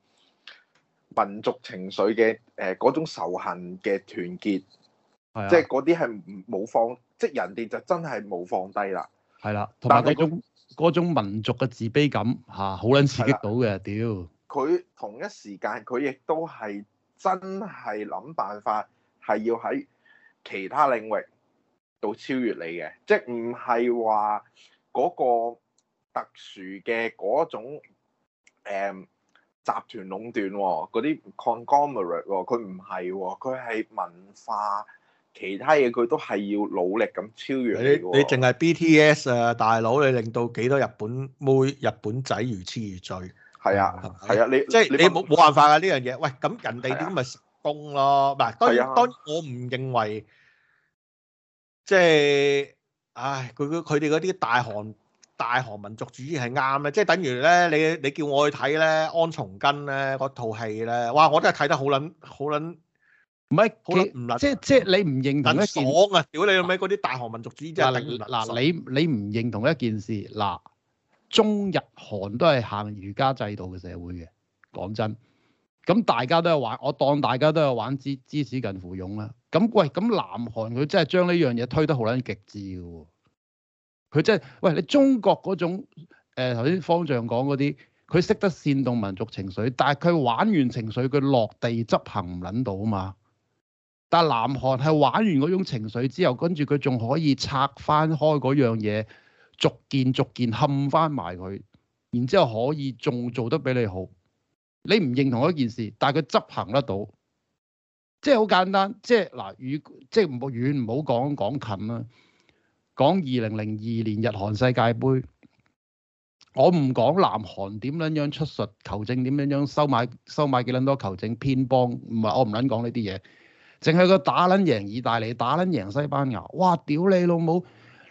民族情緒嘅誒嗰種仇恨嘅團結，是的 即係嗰啲係冇放，即係人哋就真係冇放低啦。係啦，同埋嗰種嗰種民族嘅自卑感嚇，好、啊、撚刺激到嘅屌。佢同一時間佢亦都係真係諗辦法，係要喺其他領域。到超越你嘅，即係唔係話嗰個特殊嘅嗰種誒集團壟斷喎，嗰啲 conglomerate 喎，佢唔係喎，佢係文化其他嘢，佢都係要努力咁超越你。你淨係 BTS 啊大佬，你令到幾多日本妹、日本仔如痴如醉。係啊，係啊，你即係你冇冇辦法啊呢樣嘢。喂，咁人哋點咪成功咯？嗱，當然當然，我唔認為。即係，唉，佢佢哋嗰啲大韓大韓民族主義係啱嘅。即係等於咧，你你叫我去睇咧《安重根》咧嗰套戲咧，哇，我真係睇得好撚好撚唔係好撚唔撚？即即係你唔認同一件啊！屌你老味，嗰啲大韓民族主義嗱嗱、啊，你你唔認同一件事嗱，中日韓都係行儒家制度嘅社會嘅，講真，咁大家都係玩，我當大家都係玩芝芝士近芙蓉啦。咁喂，咁南韓佢真係將呢樣嘢推得好撚極致嘅喎，佢真係，喂，你中國嗰種誒，頭先方丈講嗰啲，佢識得煽動民族情緒，但係佢玩完情緒佢落地執行唔撚到嘛。但係南韓係玩完嗰種情緒之後，跟住佢仲可以拆翻開嗰樣嘢，逐件逐件冚翻埋佢，然之後可以仲做得比你好。你唔認同一件事，但係佢執行得到。即係好簡單，即係嗱，與即係遠唔好講講近啊。講二零零二年日韓世界盃，我唔講南韓點樣樣出術球證，樣球證，點樣樣收買收買幾撚多球證偏幫，唔係我唔撚講呢啲嘢。淨係個打撚贏意大利，打撚贏西班牙，哇！屌你老母！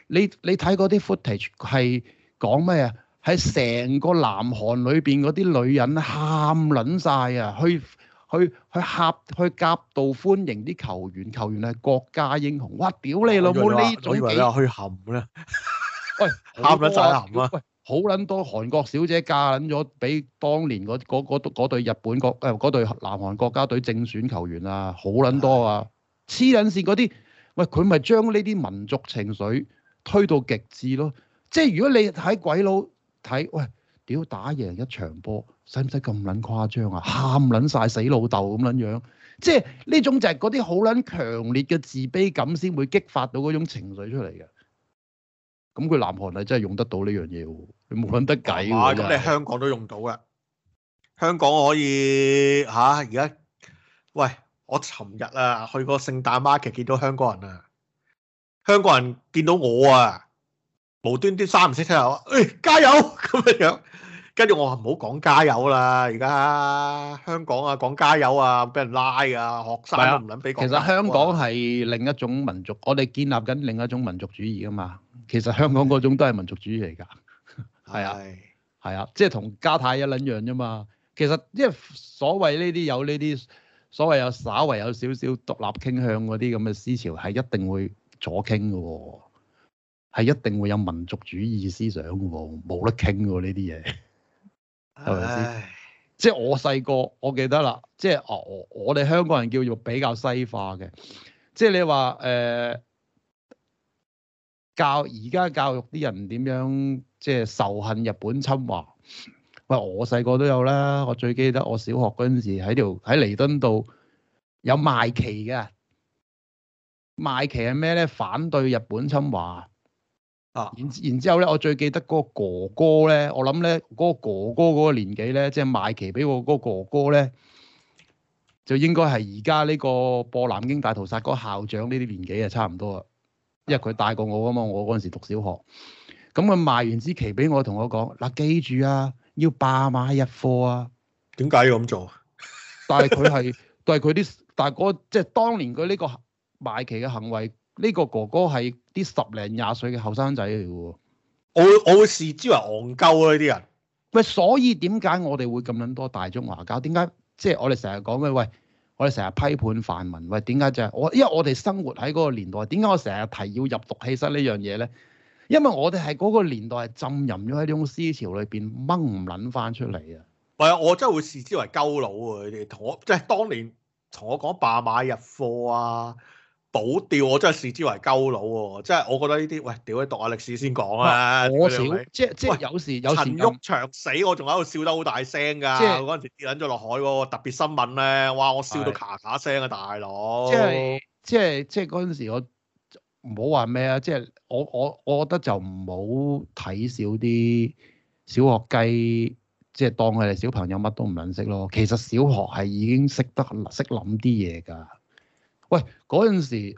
你你睇嗰啲 footage 係講咩啊？喺成個南韓裏邊嗰啲女人喊撚晒啊，去～去去合去夾道歡迎啲球員，球員係國家英雄。哇！屌你老母呢嘴，幾？你話去含咧？ 喂，冚有真係冚啊！喂，好撚多韓國小姐嫁撚咗俾當年嗰嗰隊日本國誒嗰隊南韓國家隊正選球員啊！好撚多啊！黐撚線嗰啲，喂，佢咪將呢啲民族情緒推到極致咯？即係如果你喺鬼佬睇，喂，屌打贏一場波。使唔使咁撚誇張啊？喊撚晒死老豆咁撚樣，即係呢種就係嗰啲好撚強烈嘅自卑感先會激發到嗰種情緒出嚟嘅。咁佢南韓係真係用得到呢樣嘢喎，你冇撚得計喎。咁、嗯、你香港都用到嘅，香港可以嚇。而、啊、家喂，我尋日啊去個聖誕 market 見到香港人啊，香港人見到我啊，無端端三唔識七話，誒、哎、加油咁嘅樣。跟住我話唔好講加油啦！而家香港啊，講加油啊，俾人拉啊，學生唔撚俾。其實香港係另一種民族，哇我哋建立緊另一種民族主義噶嘛。其實香港嗰種都係民族主義嚟㗎，係是啊，係啊，啊，即係同加泰一撚樣啫嘛。其實即係所謂呢啲有呢啲所謂有稍為有少少獨立傾向嗰啲咁嘅思潮，係一定會左傾嘅喎、哦，係一定會有民族主義思想嘅喎、哦，冇得傾嘅呢啲嘢。係咪先？即係我細個，我記得啦。即係我我哋香港人叫做比較西化嘅。即係你話誒、呃，教而家教育啲人點樣，即係仇恨日本侵華。喂，我細個都有啦。我最記得我小學嗰陣時喺條喺彌敦道有賣旗嘅，賣旗係咩咧？反對日本侵華。啊！然之然之後咧，我最記得嗰個哥哥咧，我諗咧嗰個哥哥嗰個年紀咧，即係賣旗俾我嗰個哥哥咧，就應該係而家呢個播南京大屠殺嗰校長呢啲年紀啊，差唔多啊，因為佢大過我噶嘛。我嗰陣時讀小學，咁、嗯、佢賣完支旗俾我，同我講：嗱、啊，記住啊，要罷買日貨啊！點解要咁做？但係佢係，但係佢啲，但係嗰即係當年佢呢個賣旗嘅行為。呢個哥哥係啲十零廿歲嘅後生仔嚟嘅喎，我我會視之為戇鳩啊！呢啲人，喂，所以點解我哋會咁撚多大中華教？點解即係我哋成日講喂喂，我哋成日批判泛民，喂點解就係我，因為我哋生活喺嗰個年代，點解我成日提要入毒氣室呢樣嘢咧？因為我哋係嗰個年代係浸淫咗喺呢種思潮裏邊，掹唔撚翻出嚟啊！係啊，我真係會視之為鳩佬啊！佢哋同我即係、就是、當年同我講霸馬入貨啊！保釣我真係視之為鳩佬喎，即係我覺得呢啲喂，屌你讀一下歷史先講啊，啊！我少即喂即有時有時陳毓祥死我，我仲喺度笑得好大聲噶，即係嗰陣時跌撚咗落海喎，特別新聞咧，哇！我笑到咔咔聲啊，大佬！即係即係即係嗰陣時，我唔好話咩啊！即係我我我覺得就唔好睇少啲小學雞，即係當佢哋小朋友乜都唔諗識咯。其實小學係已經識得識諗啲嘢噶。喂，嗰陣時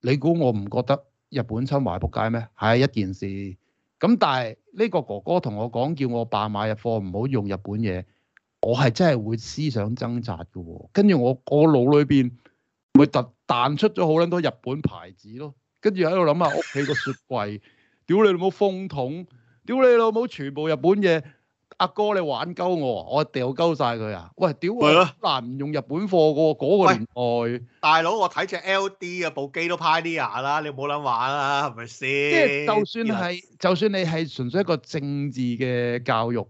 你估我唔覺得日本侵華仆街咩？係一件事。咁但係呢個哥哥同我講，叫我爸買日貨，唔好用日本嘢。我係真係會思想掙扎嘅喎。跟住我我腦裏邊咪突彈出咗好撚多日本牌子咯。跟住喺度諗下屋企個雪櫃，屌你老母風筒，屌你老母全部日本嘢。阿哥你玩鳩我，我掉鳩晒佢啊！喂，屌佢啊！嗱，唔用日本貨嘅喎，嗰個年代。大佬，我睇隻 L.D 啊，部機都派啲啊啦，你冇撚玩啦，係咪先？即係就算係，就算你係純粹一個政治嘅教育，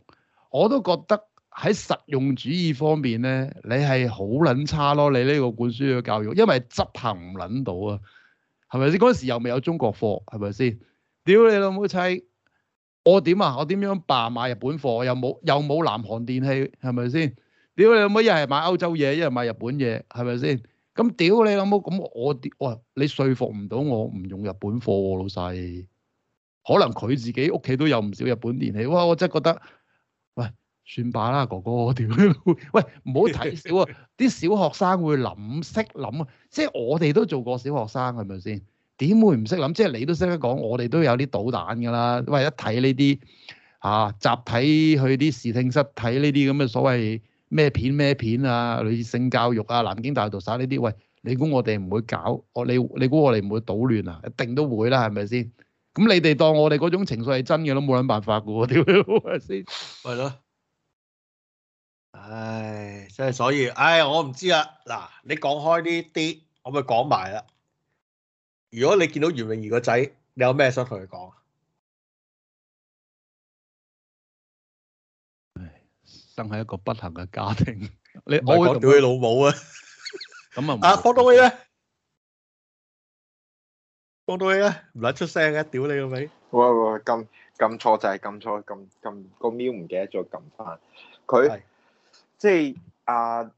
我都覺得喺實用主義方面咧，你係好撚差咯。你呢個灌輸嘅教育，因為執行唔撚到啊，係咪先？嗰陣時又未有中國貨，係咪先？屌你老母妻！我點啊？我點樣罷買日本貨？又冇又冇南韓電器，係咪先？屌你老母，一係買歐洲嘢，一係買日本嘢，係咪先？咁屌你老母，咁我？喂，你說服唔到我唔用日本貨，老細。可能佢自己屋企都有唔少日本電器。哇，我真係覺得，喂，算罷啦，哥哥，我屌，喂，唔好睇小啊，啲小學生會諗，識諗啊，即係我哋都做過小學生，係咪先？點會唔識諗？即係你都識得講，我哋都有啲搗蛋㗎啦。喂，一睇呢啲嚇集體去啲視聽室睇呢啲咁嘅所謂咩片咩片啊，女性教育啊、南京大屠殺呢啲。喂，你估我哋唔會搞？你你我你你估我哋唔會搗亂啊？一定都會啦，係咪先？咁你哋當我哋嗰種情緒係真嘅都冇撚辦法嘅喎。屌你先，係咯。唉，即係所以，唉、哎，我唔知啊！嗱，你講開呢啲，我咪講埋啦。如果你見到袁詠儀個仔，你有咩想同佢講？生喺一個不幸嘅家庭，你我會屌佢老母啊！咁啊，啊放多啲咧，放多啲咧，唔甩出聲嘅，屌你個咪！喂喂，撳撳錯就係撳錯，撳撳個咪唔記得咗撳翻佢，即係啊。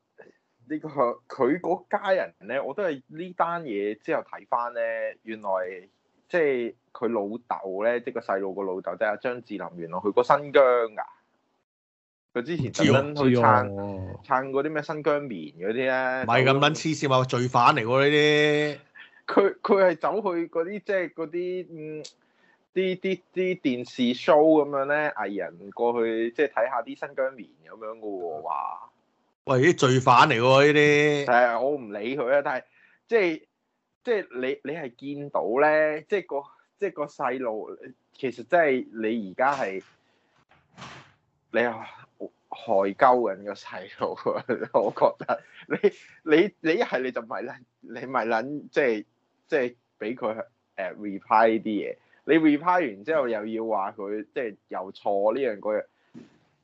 呢、這個佢嗰家人咧，我都係呢單嘢之後睇翻咧，原來即係佢老豆咧，即係個細路個老豆，即係張智霖，原來去過新疆噶、啊。佢之前點樣去撐撐嗰啲咩新疆棉嗰啲咧？咪咁撚黐線啊！去不話罪犯嚟喎呢啲。佢佢係走去嗰啲即係嗰啲嗯，啲啲啲電視 show 咁樣咧，藝人過去即係睇下啲新疆棉咁樣噶喎，喂，啲罪犯嚟喎，呢啲。係啊，我唔理佢啊，但係即係即係你你係見到咧，即係個即係個細路，其實即係你而家係你啊，害鳩緊個細路啊！我覺得你你你一係你就唔咪捻，你咪捻即係即係俾佢誒 reply 呢啲嘢，你 reply 完之後又要話佢即係又錯呢樣嗰樣。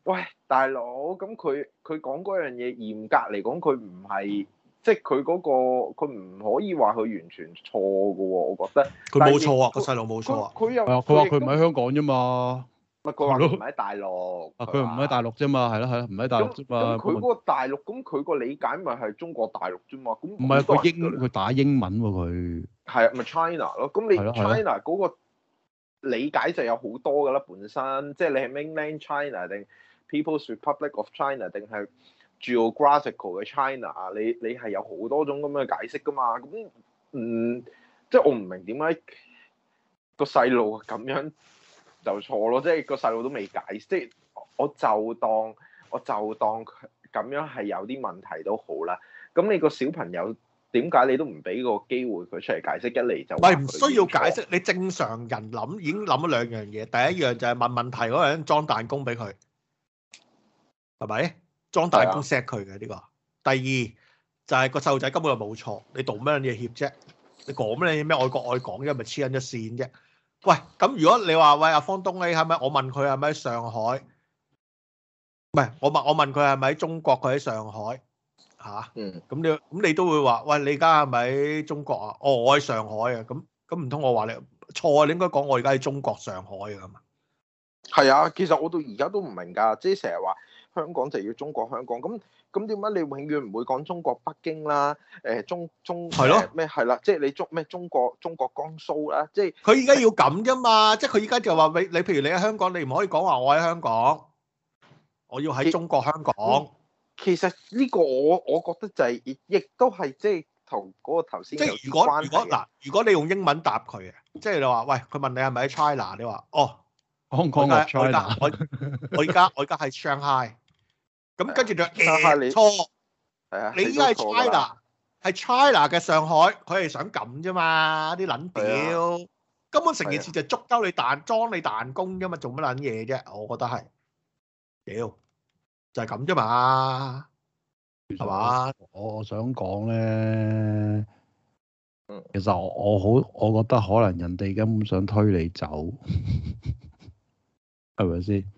喂，大佬，咁佢佢講嗰樣嘢嚴格嚟講，佢唔係即係佢嗰個，佢唔可以話佢完全錯噶喎。我覺得佢冇錯啊，個細路冇錯啊。佢又佢話佢唔喺香港啫嘛，咪佢話唔喺大陸啊？佢唔喺大陸啫嘛，係喇，係喇，唔喺、啊、大陸啫嘛。佢嗰那個大陸，咁佢個理解咪係中國大陸啫嘛？咁唔係佢英佢打英文喎佢係啊咪、啊啊啊就係、China 咯？咁你、啊啊、China 嗰個理解就有好多噶啦，本身即係你係 Mainland China 定？People's Republic of China 定係 geographical 嘅 China 啊？你你係有好多種咁嘅解釋㗎嘛？咁、嗯、唔即係我唔明點解個細路咁樣就錯咯？即係個細路都未解釋，即係我，我就當我就當佢咁樣係有啲問題都好啦。咁你個小朋友點解你都唔俾個機會佢出嚟解釋？一嚟就唔係唔需要解釋。你正常人諗，已經諗咗兩樣嘢，第一樣就係問問題嗰個人裝彈弓俾佢。係咪裝大鼓錫佢嘅呢個？第二就係個細路仔根本就冇錯，你讀咩嘢協啫？你講咩嘢咩？愛國愛港，因為黐緊一線啫。喂，咁如果你話喂阿方東你係咪？我問佢係咪喺上海？唔係我問我問佢係咪喺中國？佢喺上海吓。嗯。咁你咁你都會話喂？你而家係咪喺中國啊？哦，我喺上海啊。咁咁唔通我話你錯？你應該講我而家喺中國上海啊嘛。係啊，其實我到而家都唔明㗎，即係成日話。香港就要中國香港咁咁點解？你永遠唔會講中國北京啦，誒中中係囉，咩係啦，即係你中咩中國中國江蘇啦，即係佢依家要咁啫嘛，即係佢依家就話你你譬如你喺香港，你唔可以講話我喺香港，我要喺中國香港。其實呢個我我覺得就係亦都係即係同嗰個頭先即係如果如果嗱，如果你用英文答佢啊，即係你話喂，佢問你係咪喺 China，你話哦，香港嘅 China，我我依家我依家喺 Shanghai。咁跟住就錯，係啊，你依家係 China，係 China 嘅上海，佢係想咁啫嘛，啲卵屌，根本成件事就捉鳩你彈，裝你彈弓啫嘛，做乜卵嘢啫？我覺得係，屌，就係咁啫嘛，係嘛？我我想講咧，其實我我好，我覺得可能人哋根本想推你走，係咪先？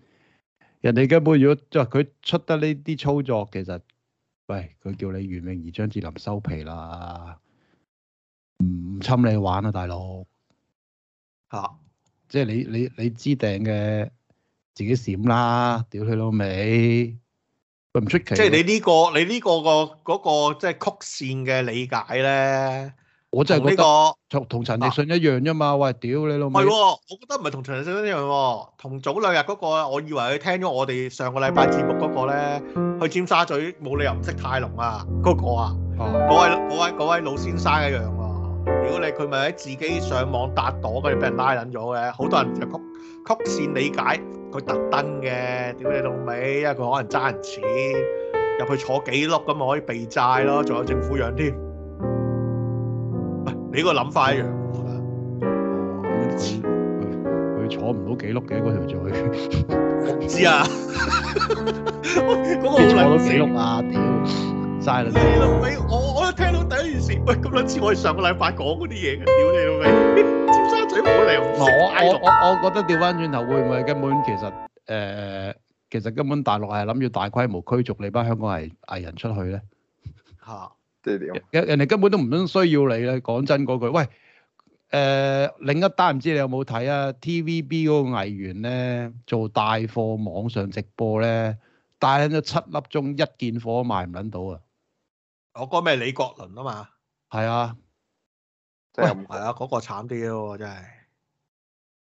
人哋根本如果就佢出得呢啲操作，其實，喂，佢叫你袁詠儀、張智霖收皮啦，唔侵你玩啊，大佬嚇！啊、即係你你你知定嘅自己閃啦，屌佢老味，唔出奇。即係你呢個你呢個個嗰個即係曲線嘅理解咧。我就係覺得同、這個、陳奕迅一樣啫嘛，喂屌你老味、啊！我覺得唔係同陳奕迅一樣喎，同早兩日嗰、那個，我以為佢聽咗我哋上個禮拜節目嗰個咧，去尖沙咀冇理由唔識泰龍啊，嗰、那個啊，嗰、啊、位位位老先生一樣喎、啊，屌你佢咪喺自己上網搭朵，跟住俾人拉撚咗嘅，好多人就曲曲線理解佢特登嘅，屌你老味！因為佢可能爭人錢，入去坐幾粒咁咪可以避債咯，仲有政府養添。俾個諗法一樣，佢坐唔到幾粒嘅嗰條嘴，知啊？邊坐到幾粒啊？屌，曬啦！屌你老味，我我一聽到第一件事，喂咁撚似我哋上個禮拜講嗰啲嘢嘅，屌你老味！尖沙咀冇嚟，唔識大陸。我我我覺得調翻轉頭會唔會根本其實誒，其實根本大陸係諗要大規模驅逐你班香港藝藝人出去咧？嚇！人哋根本都唔需要你咧。講真嗰句，喂，誒、呃，另一單唔知你有冇睇啊？TVB 嗰個藝員咧做帶貨網上直播咧，帶緊咗七粒鐘，一件貨都賣唔撚到啊！我講咩？李國麟啊嘛，係啊，即係唔係啊？嗰個慘啲嘅喎，真係。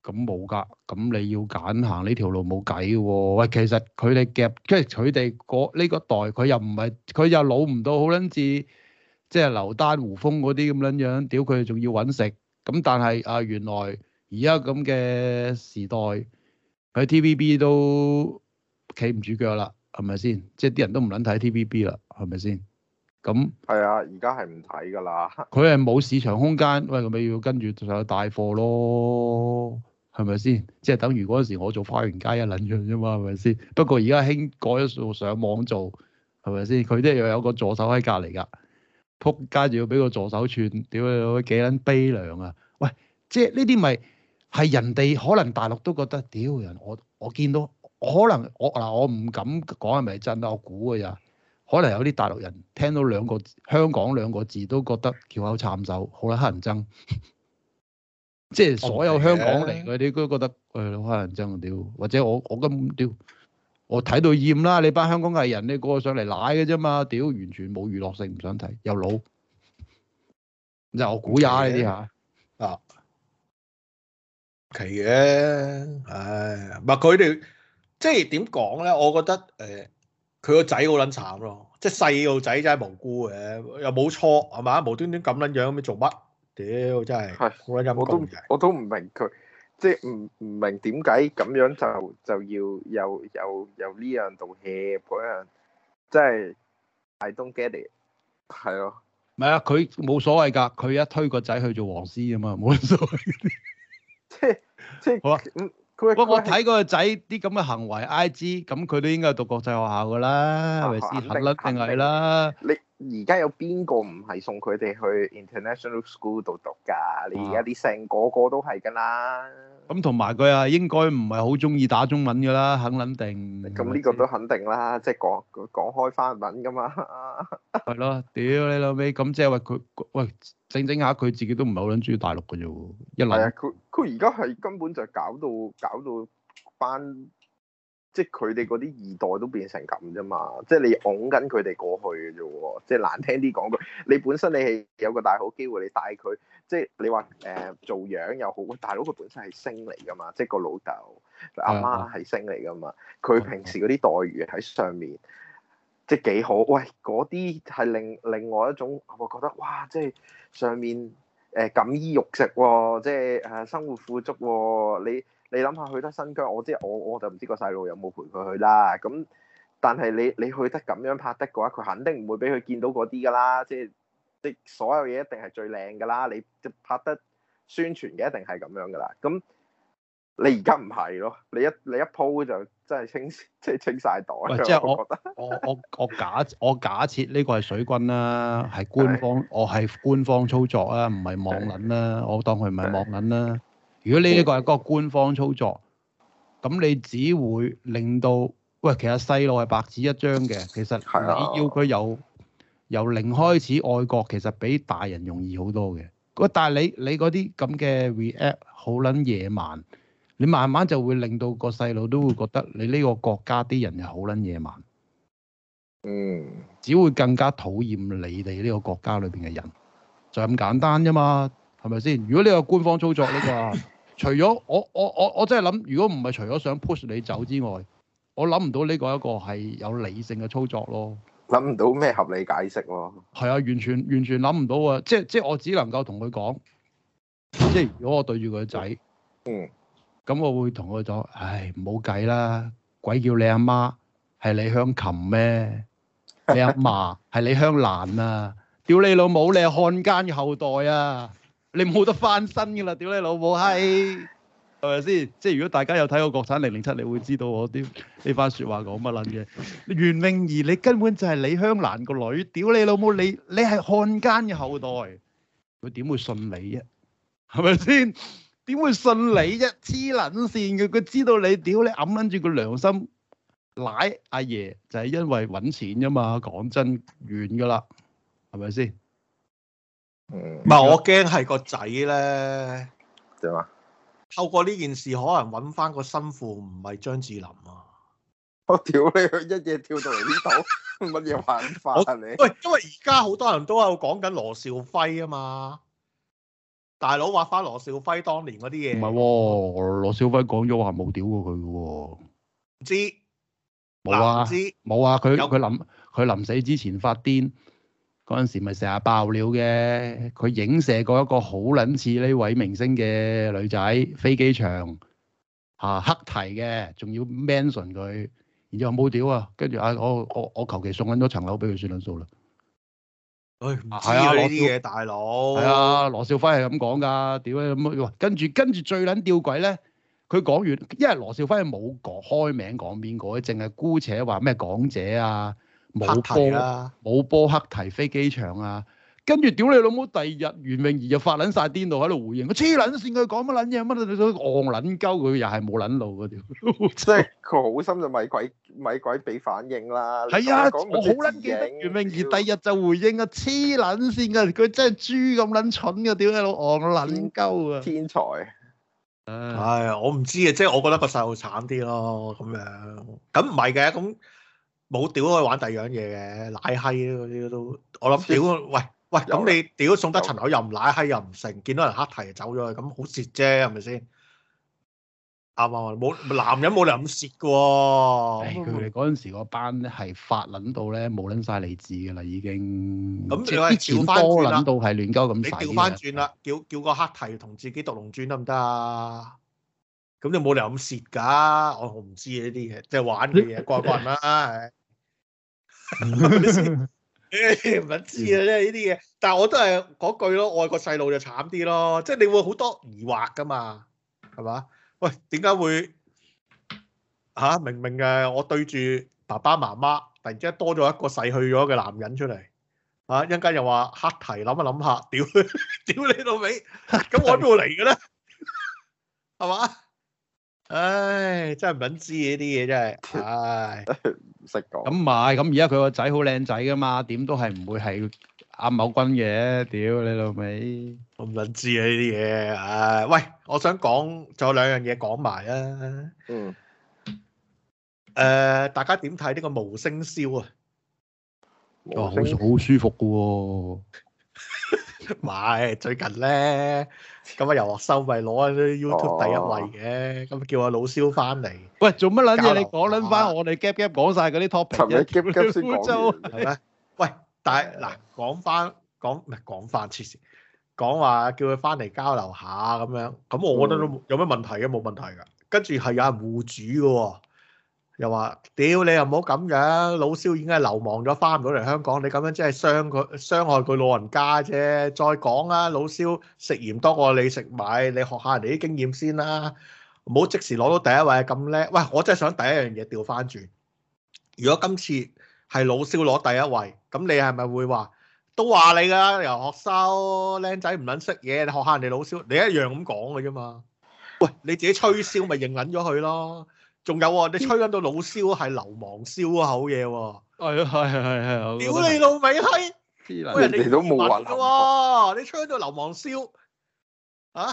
咁冇㗎，咁你要揀行呢條路冇計喎。喂，其實佢哋夾，即係佢哋嗰呢個代，佢又唔係，佢又老唔到好撚滯。即係劉丹、胡楓嗰啲咁撚樣，屌佢仲要揾食咁。但係啊，原來而家咁嘅時代，佢 T.V.B. 都企唔住腳啦，係咪先？即係啲人都唔撚睇 T.V.B. 啦，係咪先？咁係啊，而家係唔睇㗎啦。佢係冇市場空間，喂，咪要跟住帶貨咯，係咪先？即係等於嗰陣時我做花園街一撚樣啫嘛，係咪先？不過而家興改咗做上網做，係咪先？佢都又有個助手喺隔離㗎。扑街仲要俾個助手串，屌你，幾捻悲涼啊！喂，即係呢啲咪係人哋可能大陸都覺得屌人，我我見到可能我嗱我唔敢講係咪真啦，我估噶咋？可能有啲大陸人聽到兩個香港兩個字都覺得喬口慘手，好啦，黑人憎，即係所有香港嚟嘅你都覺得誒，好黑人憎屌，或者我我咁屌。我睇到厭啦！你班香港藝人，你個個上嚟攋嘅啫嘛？屌，完全冇娛樂性，唔想睇，又老，我估呀、啊哎、呢啲嚇啊奇嘅，唉，唔係佢哋即係點講咧？我覺得誒，佢個仔好撚慘咯，即係細路仔真係無辜嘅，又冇錯係嘛？無端端咁撚樣咁做乜？屌，真係好撚陰公嘅，我都我都唔明佢。即係唔唔明點解咁樣就就要有有有呢樣道歉。e 嗰樣，即係 I don't get it 嚟。係咯，唔係啊！佢冇所謂㗎，佢一推個仔去做黃師啊嘛，冇所謂。即係即係。好啊，佢會。我睇個仔啲咁嘅行為，I G 咁佢都應該係讀國際學校㗎啦，係咪先？肯定係啦。你而家有邊個唔係送佢哋去 International School 度讀㗎？你而家啲姓個個都係㗎啦。咁同埋佢啊，應該唔係好中意打中文㗎啦，肯撚定。咁呢個都肯定啦，即係講講開翻文㗎嘛。係 咯，屌你老味，咁即係話佢喂整整下佢自己都唔係好撚中意大陸㗎啫喎，一嚟。啊，佢佢而家係根本就搞到搞到班。即係佢哋嗰啲二代都變成咁啫嘛，即係你擁緊佢哋過去嘅啫喎。即係難聽啲講句，你本身你係有個大好機會，你帶佢。即係你話誒、呃、做樣又好，大佬佢本身係星嚟㗎嘛，即係個老豆、阿媽係星嚟㗎嘛。佢平時嗰啲待遇喺上面，即係幾好。喂，嗰啲係另另外一種，我覺得哇，即係上面誒，錦衣玉食，即係誒、啊、生活富足、哦。你。你諗下去得新疆，我即係我我就唔知個細路有冇陪佢去啦。咁但係你你去得咁樣拍的嘅話，佢肯定唔會俾佢見到嗰啲㗎啦。即係即所有嘢一定係最靚㗎啦。你拍得宣傳嘅一定係咁樣㗎啦。咁你而家唔係咯？你一你一 po 就真係清，清，清即係清晒袋。唔係即係我 我我我假我假設呢個係水軍啦，係官方，我係官方操作啊，唔係網銀啦，我當佢唔係網銀啦。如果你呢一個係個官方操作，咁你只會令到喂，其實細路係白紙一張嘅，其實你要佢由由零開始愛國，其實比大人容易好多嘅。喂，但係你你嗰啲咁嘅 react 好撚野蠻，你慢慢就會令到個細路都會覺得你呢個國家啲人又好撚野蠻。嗯，只會更加討厭你哋呢個國家裏邊嘅人，就咁簡單啫嘛，係咪先？如果你個官方操作呢個。除咗我我我我真係諗，如果唔係除咗想 push 你走之外，我諗唔到呢個一個係有理性嘅操作咯。諗唔到咩合理解釋喎？係啊，完全完全諗唔到啊！即即我只能夠同佢講，即如果我對住佢仔，嗯，咁我會同佢講，唉，唔好計啦，鬼叫你阿媽係李香琴咩？你阿嫲係李香蘭啊！屌你老母，你係漢奸嘅後代啊！你冇得翻身㗎啦！屌你老母閪，係咪先？即係如果大家有睇過國產零零七，你會知道我屌呢番説話講乜撚嘅。袁詠儀，你根本就係李香蘭個女，屌你老母！你你係漢奸嘅後代，佢點會信你啊？係咪先？點會信你啫？黐撚線嘅！佢知道你屌你揞撚住個良心，賴阿爺就係、是、因為揾錢啫嘛。講真遠㗎啦，係咪先？是唔，唔係我驚係個仔咧，對嗎麼？透過呢件事，可能揾翻個生父唔係張智霖啊！我屌你，佢一夜跳到嚟呢度，乜嘢玩法你？喂，因為而家好多人都有講緊羅兆輝啊嘛，大佬話，翻羅兆輝當年嗰啲嘢。唔係、哦，羅兆輝講咗話冇屌過佢嘅喎。唔知，冇芝啊，冇啊，佢佢臨佢臨死之前發癲。嗰陣時咪成日爆料嘅，佢影射過一個好撚似呢位明星嘅女仔，飛機場嚇、啊、黑提嘅，仲要 mention 佢，然之後冇屌啊！跟住啊，我我我求其送緊咗層樓俾佢算兩數啦。誒，唔知啊呢啲嘢，大佬。係啊，羅兆輝係咁講㗎，屌，咁啊，跟住跟住最撚吊詭咧，佢講完，因為羅兆輝冇講開名講邊個，淨係姑且話咩港姐啊。黑提啦，冇波克提飛機場啊！跟住屌你老母，第二日袁詠儀就發撚晒癲到喺度回應，黐撚線佢講乜撚嘢，乜都你都戇撚鳩佢又係冇撚路嗰條，屌！即係佢好心就咪鬼咪鬼俾反應啦。係啊，好撚嘅。」袁詠儀第日就回應啊，黐撚線嘅，佢真係豬咁撚蠢嘅，屌你老戇撚鳩啊！天才，唉、哎，我唔知啊，即係我覺得個細路慘啲咯，咁樣咁唔係嘅咁。冇屌可玩第二樣嘢嘅，奶閪嗰啲都，我諗屌喂喂，咁你屌送得陳海又唔奶閪又唔成，見到人黑提就走咗去，咁好蝕啫，係咪先？啱啊，冇男人冇理由咁蝕嘅喎。佢哋嗰陣時個班咧係發撚到咧冇撚晒理智嘅啦，已經。咁、嗯、你調翻撚到係亂鳩咁洗你調翻轉啦，叫叫個黑提同自己獨龍尊得唔得啊？咁你冇理由咁蝕㗎，我唔知呢啲嘢，即係玩嘅嘢，怪怪啦，唔 知啊，即係呢啲嘢。但係我都係嗰句咯，外國細路就慘啲咯，即係你會好多疑惑噶嘛，係嘛？喂，點解會吓、啊？明明嘅、啊、我對住爸爸媽媽，突然之間多咗一個逝去咗嘅男人出嚟，啊，一陣間又話黑題諗一諗下，屌，屌你老味，咁我喺邊度嚟嘅咧？係嘛？唉，真係唔撚知呢啲嘢，真係，唉，唔識講。咁唔係，咁而家佢個仔好靚仔噶嘛？點都係唔會係阿某君嘅。屌你老味，我唔撚知啊呢啲嘢。唉，喂，我想講，仲有兩樣嘢講埋啊。嗯。誒，大家點睇呢個無聲簫啊？哦，好，好舒服嘅喎。唔係，最近咧。咁啊又話收咪攞啲 YouTube 第一位嘅，咁、啊、叫阿老蕭翻嚟。喂，做乜撚嘢？你講撚翻，我哋 gap gap 講晒嗰啲 topic，一啲嘅非洲係咪？喂，但係嗱講翻講唔係講翻黐線，講話叫佢翻嚟交流下咁樣。咁我覺得都有咩問題嘅冇問題㗎。跟住係有人護主嘅喎。又話：屌你又唔好咁樣，老蕭已經係流亡咗，翻唔到嚟香港。你咁樣真係傷佢、傷害佢老人家啫。再講啦、啊，老蕭食鹽多過你食米，你學下人哋啲經驗先啦、啊。唔好即時攞到第一位咁叻。喂，我真係想第一樣嘢調翻轉。如果今次係老蕭攞第一位，咁你係咪會話都話你噶？由學生僆仔唔撚識嘢，你學下人哋老蕭，你一樣咁講嘅啫嘛。喂，你自己吹簫咪認撚咗佢咯。仲有喎，你吹緊到老簫係流氓簫口嘢喎。係啊，係係係係。屌你老尾閪，乜人哋都冇話㗎喎，你吹到流氓簫啊？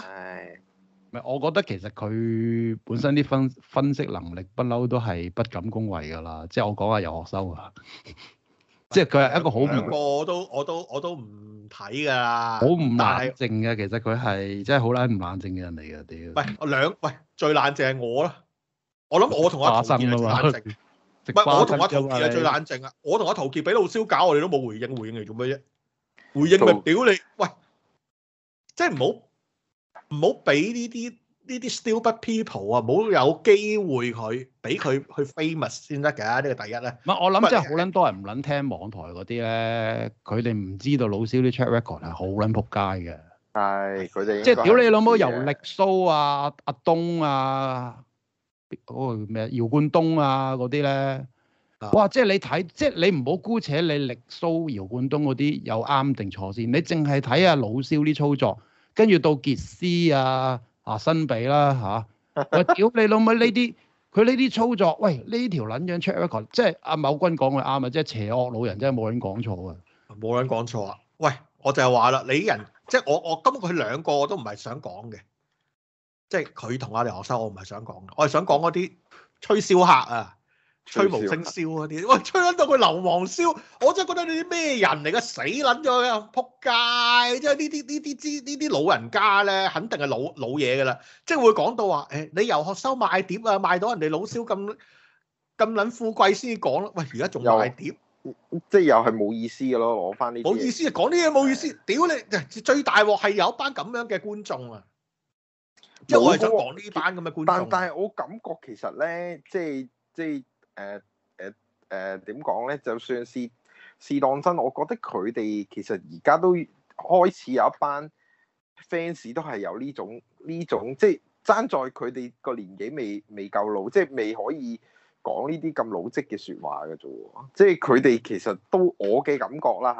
唔係，我覺得其實佢本身啲分分析能力不嬲都係不敢恭維㗎啦。即係我講下游學修啊，即係佢係一個好唔個我都我都我都唔睇㗎啦。好唔冷靜嘅，其實佢係真係好撚唔冷靜嘅人嚟嘅。屌，唔係我兩喂最冷靜係我咯。我諗我同阿、啊、陶傑最冷靜，唔 我同阿、啊、陶傑最冷靜為啊冷！我同阿、啊、陶傑俾老蕭搞，我哋都冇回應，回應嚟做咩啫？回應咪屌你！喂，即係唔好唔好俾呢啲呢啲 stupid people 啊！冇有機會佢俾佢去 famous 先得㗎，呢、這個第一咧。唔係我諗，真係好撚多人唔撚聽網台嗰啲咧，佢哋唔知道老蕭啲 track record 係好撚仆街嘅。係佢哋即係屌你老母游歷蘇啊，阿、啊啊、東啊！嗰個咩？姚冠東啊，嗰啲咧，哇！即係你睇，即係你唔好姑且你力蘇、姚冠東嗰啲有啱定錯先。你淨係睇下老蕭啲操作，跟住到傑斯啊、阿、啊、新比啦、啊、嚇，我、啊、屌 你老母呢啲！佢呢啲操作，喂，呢條撚樣 check 一即係阿某君講佢啱啊！即係邪惡老人，真係冇人講錯啊！冇人講錯啊！喂，我就係話啦，你啲人即係我我根本佢兩個我都唔係想講嘅。即係佢同我哋學生我，我唔係想講，我係想講嗰啲吹簫客啊，吹無聲簫嗰啲，喂吹到佢流亡簫，我真係覺得你啲咩人嚟噶？死捻咗啊！撲街！即係呢啲呢啲呢呢啲老人家咧，肯定係老老嘢噶啦，即係會講到話，誒、哎、你由學生賣碟啊，賣到人哋老少咁咁捻富貴先講咯，喂而家仲賣碟，又即係又係冇意思嘅咯，攞翻呢啲冇意思啊，講啲嘢冇意思，屌你的最大鑊係有班咁樣嘅觀眾啊！我係想講呢班咁嘅觀眾，但但係我感覺其實咧，即係即係誒誒誒點講咧？就算是試當真，我覺得佢哋其實而家都開始有一班 fans 都係有呢種呢種，即係爭在佢哋個年紀未未夠老，即係未可以講呢啲咁老積嘅説話嘅啫喎。即係佢哋其實都我嘅感覺啦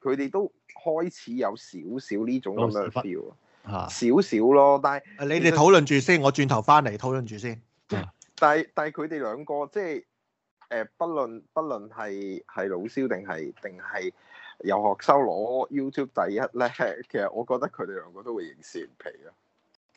嚇，佢哋都開始有少少呢種咁樣 feel。少少咯，但係你哋討論住先，我轉頭翻嚟討論住先。但係但係佢哋兩個即係誒、呃，不論不論係係老蕭定係定係游學修攞 YouTube 第一咧，其實我覺得佢哋兩個都會認善皮啊。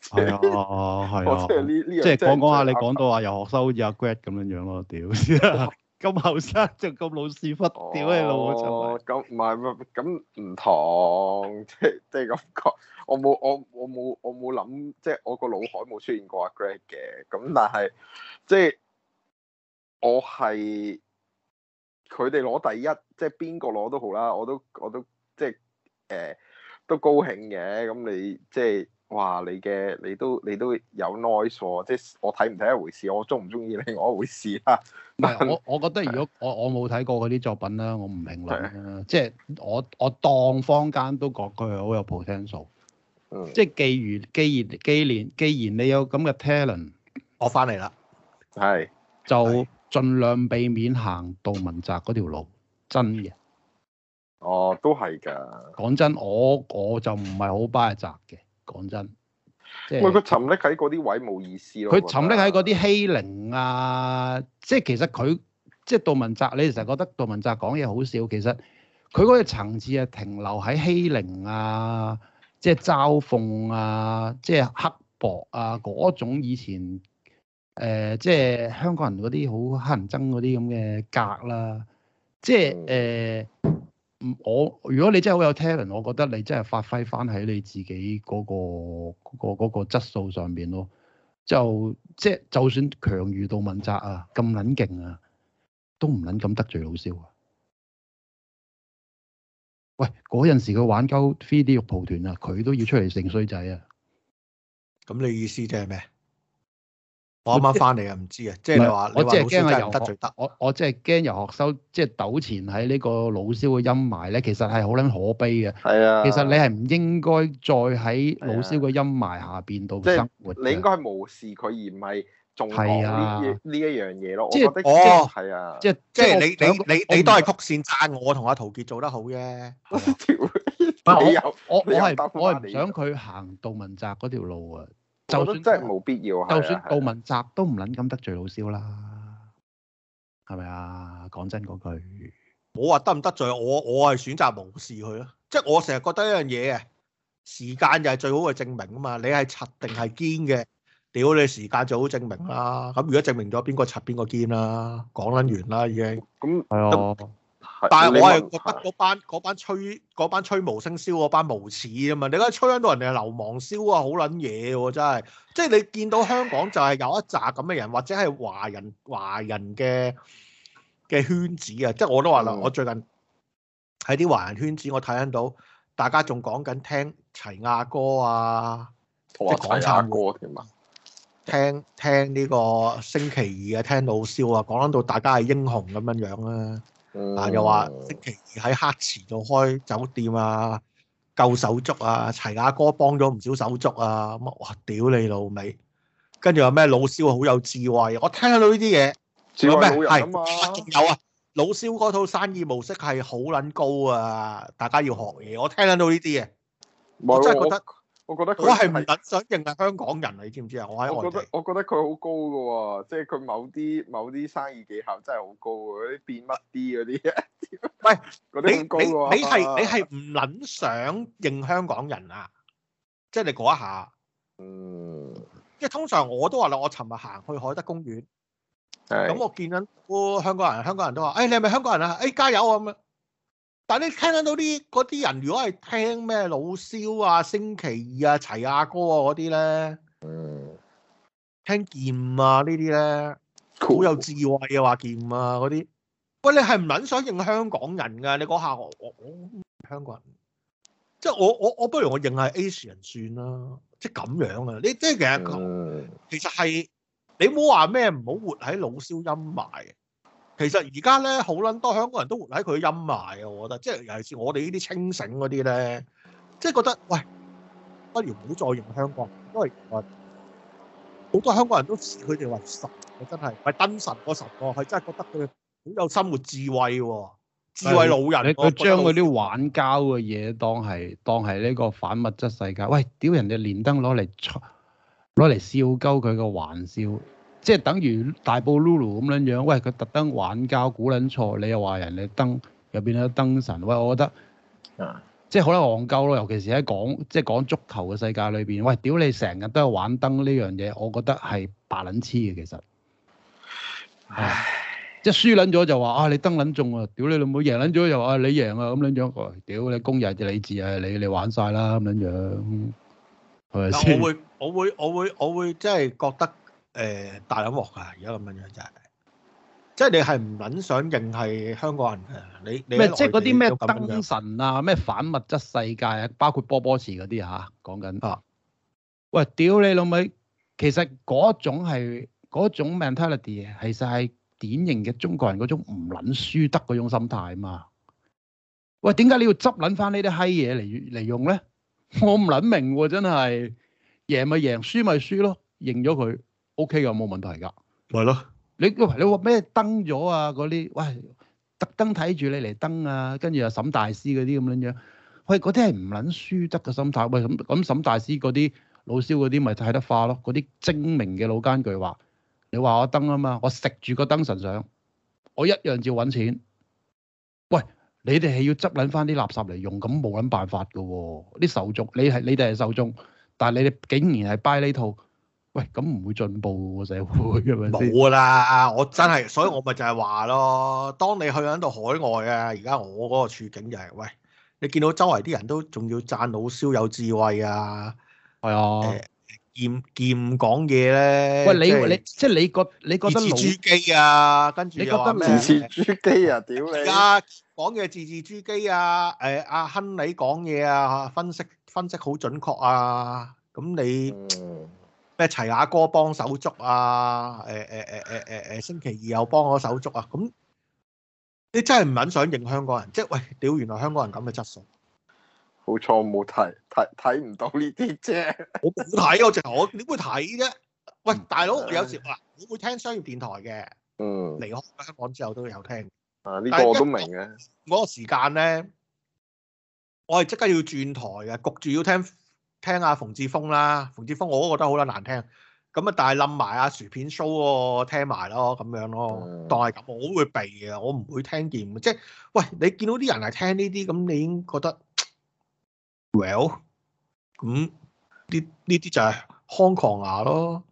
係啊，啊，係啊，啊，即係呢呢，即係講講下你講到話游學修好似阿 g r a d e 咁樣樣咯，屌！ 咁後生就咁老屎忽，屌你老母！咁唔係唔係咁唔同， 即係即係咁講，我冇我我冇我冇諗，即係我個腦海冇出現過阿 Greg 嘅。咁但係即係我係佢哋攞第一，即係邊個攞都好啦，我都我都即係誒、呃、都高興嘅。咁你即係。哇！你嘅你都你都有耐數、哦，即係我睇唔睇一回事，我中唔中意你我一回事啦。唔係， 我我覺得如果我我冇睇過嗰啲作品咧，我唔評論啦。的即係我我當坊間都覺佢好有 potential、嗯。即係既如既然既然既然，既然你有咁嘅 talent，我翻嚟啦。係的。就儘量避免行杜汶澤嗰條路，真嘅。哦，都係㗎。講真，我我就唔係好巴扎嘅。講真，佢沉溺喺嗰啲位冇意思咯。佢沉溺喺嗰啲欺凌啊，即係其實佢即係杜汶澤，你成日覺得杜汶澤講嘢好笑，其實佢嗰個層次係停留喺欺凌啊，即係嘲諷啊，即係刻薄啊嗰種以前誒，即係香港人嗰啲好乞人憎嗰啲咁嘅格啦，即係誒。我如果你真係好有 talent，我覺得你真係發揮翻喺你自己嗰、嗰個嗰嗰、嗰個嗰個、質素上面咯。就即係就算強遇到問責啊，咁撚勁啊，都唔撚咁得罪老蕭啊。喂，嗰陣時佢玩鳩 three D 肉蒲團啊，佢都要出嚟成衰仔啊。咁你意思即係咩？我啱啱翻嚟又唔知啊，即係你話我即係驚阿由得罪得我，我即係驚有學生即係糾纏喺呢個老蕭嘅陰霾咧，其實係好捻可悲嘅。係啊，其實你係唔應該再喺老蕭嘅陰霾下邊度生活。你應該無視佢而唔係重學呢呢一樣嘢咯。即係哦，係啊，即係即係你你你你都係曲線讚我同阿陶傑做得好啫。你我我係我係唔想佢行杜汶澤嗰條路啊。就算真係冇必要，就算杜汶澤都唔捻咁得罪老蕭啦，係咪啊？講真嗰句，冇話得唔得罪，我我係選擇無視佢咯。即係我成日覺得一樣嘢啊，時間就係最好嘅證明啊嘛。你係拆定係堅嘅，屌你，你時間最好證明啦。咁如果證明咗邊個拆邊個堅啦，講捻完啦已經。咁係啊。但係我係覺得嗰班班吹嗰班吹無聲簫嗰班無恥啊嘛！你而家吹緊到人哋係流氓燒啊，好撚嘢喎！真係即係你見到香港就係有一紮咁嘅人，或者係華人華人嘅嘅圈子啊！即係我都話啦，嗯、我最近喺啲華人圈子，我睇緊到大家仲講緊聽齊亞歌啊，同我講唱歌點啊？聽聽呢個星期二啊，聽老蕭啊，講緊到大家係英雄咁樣樣、啊、啦～啊！嗯、又話星期二喺黑池度開酒店啊，救手足啊，齊阿哥幫咗唔少手足啊，咁哇！屌你老味，跟住話咩老蕭好有智慧，我聽得到呢啲嘢。智慧老人啊嘛，有啊！老蕭嗰套生意模式係好撚高啊，大家要學嘢。我聽得到呢啲嘢，的我真係覺得。我覺得我係唔撚想認係香港人啊！你知唔知啊？我喺外，我覺得我覺得佢好高噶喎，即係佢某啲某啲生意技巧真係好高喎，嗰啲變乜啲嗰啲嘢。唔係，你你你係你係唔撚想認香港人啊？即係你講一下。嗯。即係通常我都話啦，我尋日行去海德公園，咁我見緊，香港人香港人都話，哎，你係咪香港人啊？哎，加油咁樣。但你聽得到啲嗰啲人，如果係聽咩老蕭啊、星期二啊、齊阿哥啊嗰啲咧，嗯，聽劍啊呢啲咧，好有智慧啊話劍啊嗰啲。喂，你係唔捻想認香港人噶？你嗰下我我我，香港人，即係我我我不如我認係 Asian 算啦。即係咁樣啊？你即係其實其實係你唔好話咩，唔好活喺老蕭陰霾。其實而家咧，好撚多香港人都活喺佢陰霾啊！我覺得，即係尤其是我哋呢啲清醒嗰啲咧，即係覺得，喂，不如唔好再用香港，因為好多香港人都視佢哋為神，佢真係係燈神個神個，佢真係覺得佢好有生活智慧喎，智慧老人。佢將嗰啲玩膠嘅嘢當係當係呢個反物質世界，喂，屌人哋連登攞嚟攞嚟笑鳩佢個玩笑。即係等於大埔 Lulu 咁樣樣，喂，佢特登玩交鼓撚錯，你又話人哋燈入邊有燈神，喂，我覺得即係好得戇鳩咯，尤其是喺講即係講足球嘅世界裏邊，喂，屌你成日都係玩燈呢樣嘢，我覺得係白撚黐嘅其實。唉、啊，即係輸撚咗就話啊，你燈撚中啊，屌你老母，贏撚咗又話你贏啊咁樣樣，屌你工人嘅理智啊，你你玩晒啦，咁樣樣我 我。我會我會我會我會即係覺得。誒大卵鑊㗎！而家咁樣樣就係、是，即係你係唔撚想認係香港人嘅？你你即係嗰啲咩燈神啊？咩反物質世界啊？包括波波池嗰啲嚇講緊。啊！喂，屌你老味！其實嗰種係嗰種 mentality，其實係典型嘅中國人嗰種唔撚輸得嗰種心態啊嘛！喂，點解你要執撚翻呢啲閪嘢嚟嚟用咧？我唔撚明喎、啊！真係贏咪贏，輸咪輸咯，認咗佢。O.K. 㗎，冇問題㗎，係咯。你嗰排你話咩燈咗啊？嗰啲喂特登睇住你嚟燈啊，跟住阿沈大師嗰啲咁樣，喂，嗰啲係唔撚輸得嘅心態。喂咁咁，沈大師嗰啲老蕭嗰啲咪睇得化咯？嗰啲精明嘅老奸巨猾，你話我燈啊嘛，我食住個燈神上，我一樣照揾錢。喂，你哋係要執撚翻啲垃圾嚟用，咁冇撚辦法㗎喎。啲受眾，你係你哋係受眾，但係你哋竟然係 buy 呢套。喂，咁唔會進步個社會，咁樣冇啦！我真係，所以我咪就係話咯。當你去喺度海外啊，而家我嗰個處境就係，喂，你見到周圍啲人都仲要讚老蕭有智慧啊，係啊，健健講嘢咧。喂，你你即係你覺你覺得似豬機啊？跟住你覺得似似豬機啊？屌你！而家講嘢似似豬機啊，誒阿亨你講嘢啊，分析分析好準確啊，咁你。齊阿哥幫手捉啊！誒誒誒誒誒誒，星期二又幫我手捉啊！咁你真係唔肯想認香港人，即係喂，屌！原來香港人咁嘅質素。好錯，冇睇睇睇唔到呢啲啫。好冇睇，我淨係我點會睇啫？喂，大佬 有時啊，我會聽商業電台嘅。嗯。離開香港之後都有聽。啊，呢、這個我都一明嘅。嗰個時間咧，我係即刻要轉台嘅，焗住要聽。聽下馮志峰啦，馮志峰我都覺得好啦難聽，咁啊，但係冧埋阿薯片 show 嗰個聽埋咯咁樣咯，但係咁我都會避嘅，我唔會聽見，即係喂，你見到啲人係聽呢啲咁，你已經覺得 well 咁呢呢啲就係康狂牙咯。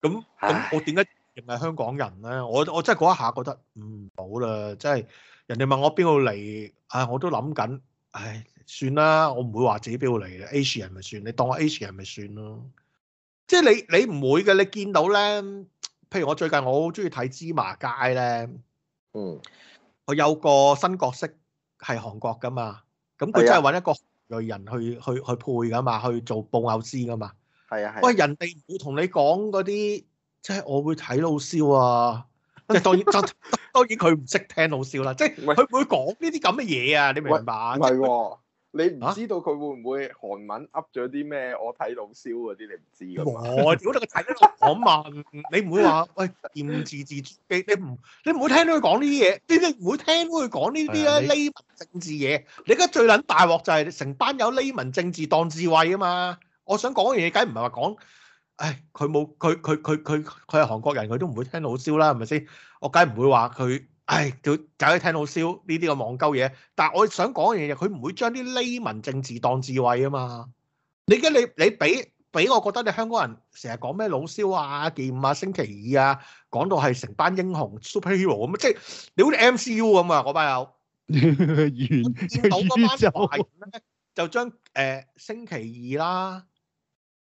咁咁我點解認係香港人咧？我我真係嗰一下覺得唔好啦，即係人哋問我邊度嚟啊，我都諗緊，唉。算啦，我唔會話自己表嚟嘅，Asian 咪算，你當我 Asian 咪算咯。即係你你唔會嘅，你見到咧，譬如我最近我好中意睇芝麻街咧，嗯，佢有個新角色係韓國噶嘛，咁佢真係搵一個韓裔人去去去配噶嘛，去做布偶師噶嘛，係啊係。喂，人哋會同你講嗰啲，即係我會睇老少啊，即係當然當然佢唔識聽老少啦，即係佢唔會講呢啲咁嘅嘢啊，你明唔明白？唔係喎。你唔知道佢會唔會韓文噏咗啲咩？我睇到燒嗰啲，你唔知噶我屌你個閪佬！我問你唔會話喂，政治字你你唔你唔會聽到佢講呢啲嘢？你你唔會聽到佢講呢啲啊？匿文政治嘢，你而家最撚大鑊就係成班有匿文政治當智慧啊嘛！我想講嘅嘢，梗唔係話講，唉，佢冇佢佢佢佢佢係韓國人，佢都唔會聽老燒啦，係咪先？我梗唔會話佢。唉，就大家聽老蕭呢啲個網鳩嘢，但係我想講嘅嘢，佢唔會將啲匿文政治當智慧啊嘛！你而家你你俾俾我覺得，你香港人成日講咩老蕭啊、劍啊、星期二啊，講到係成班英雄 superhero 咁，即係你好似 MCU 咁啊，嗰班友。我見 原到嗰班 就係咧，就將誒星期二啦，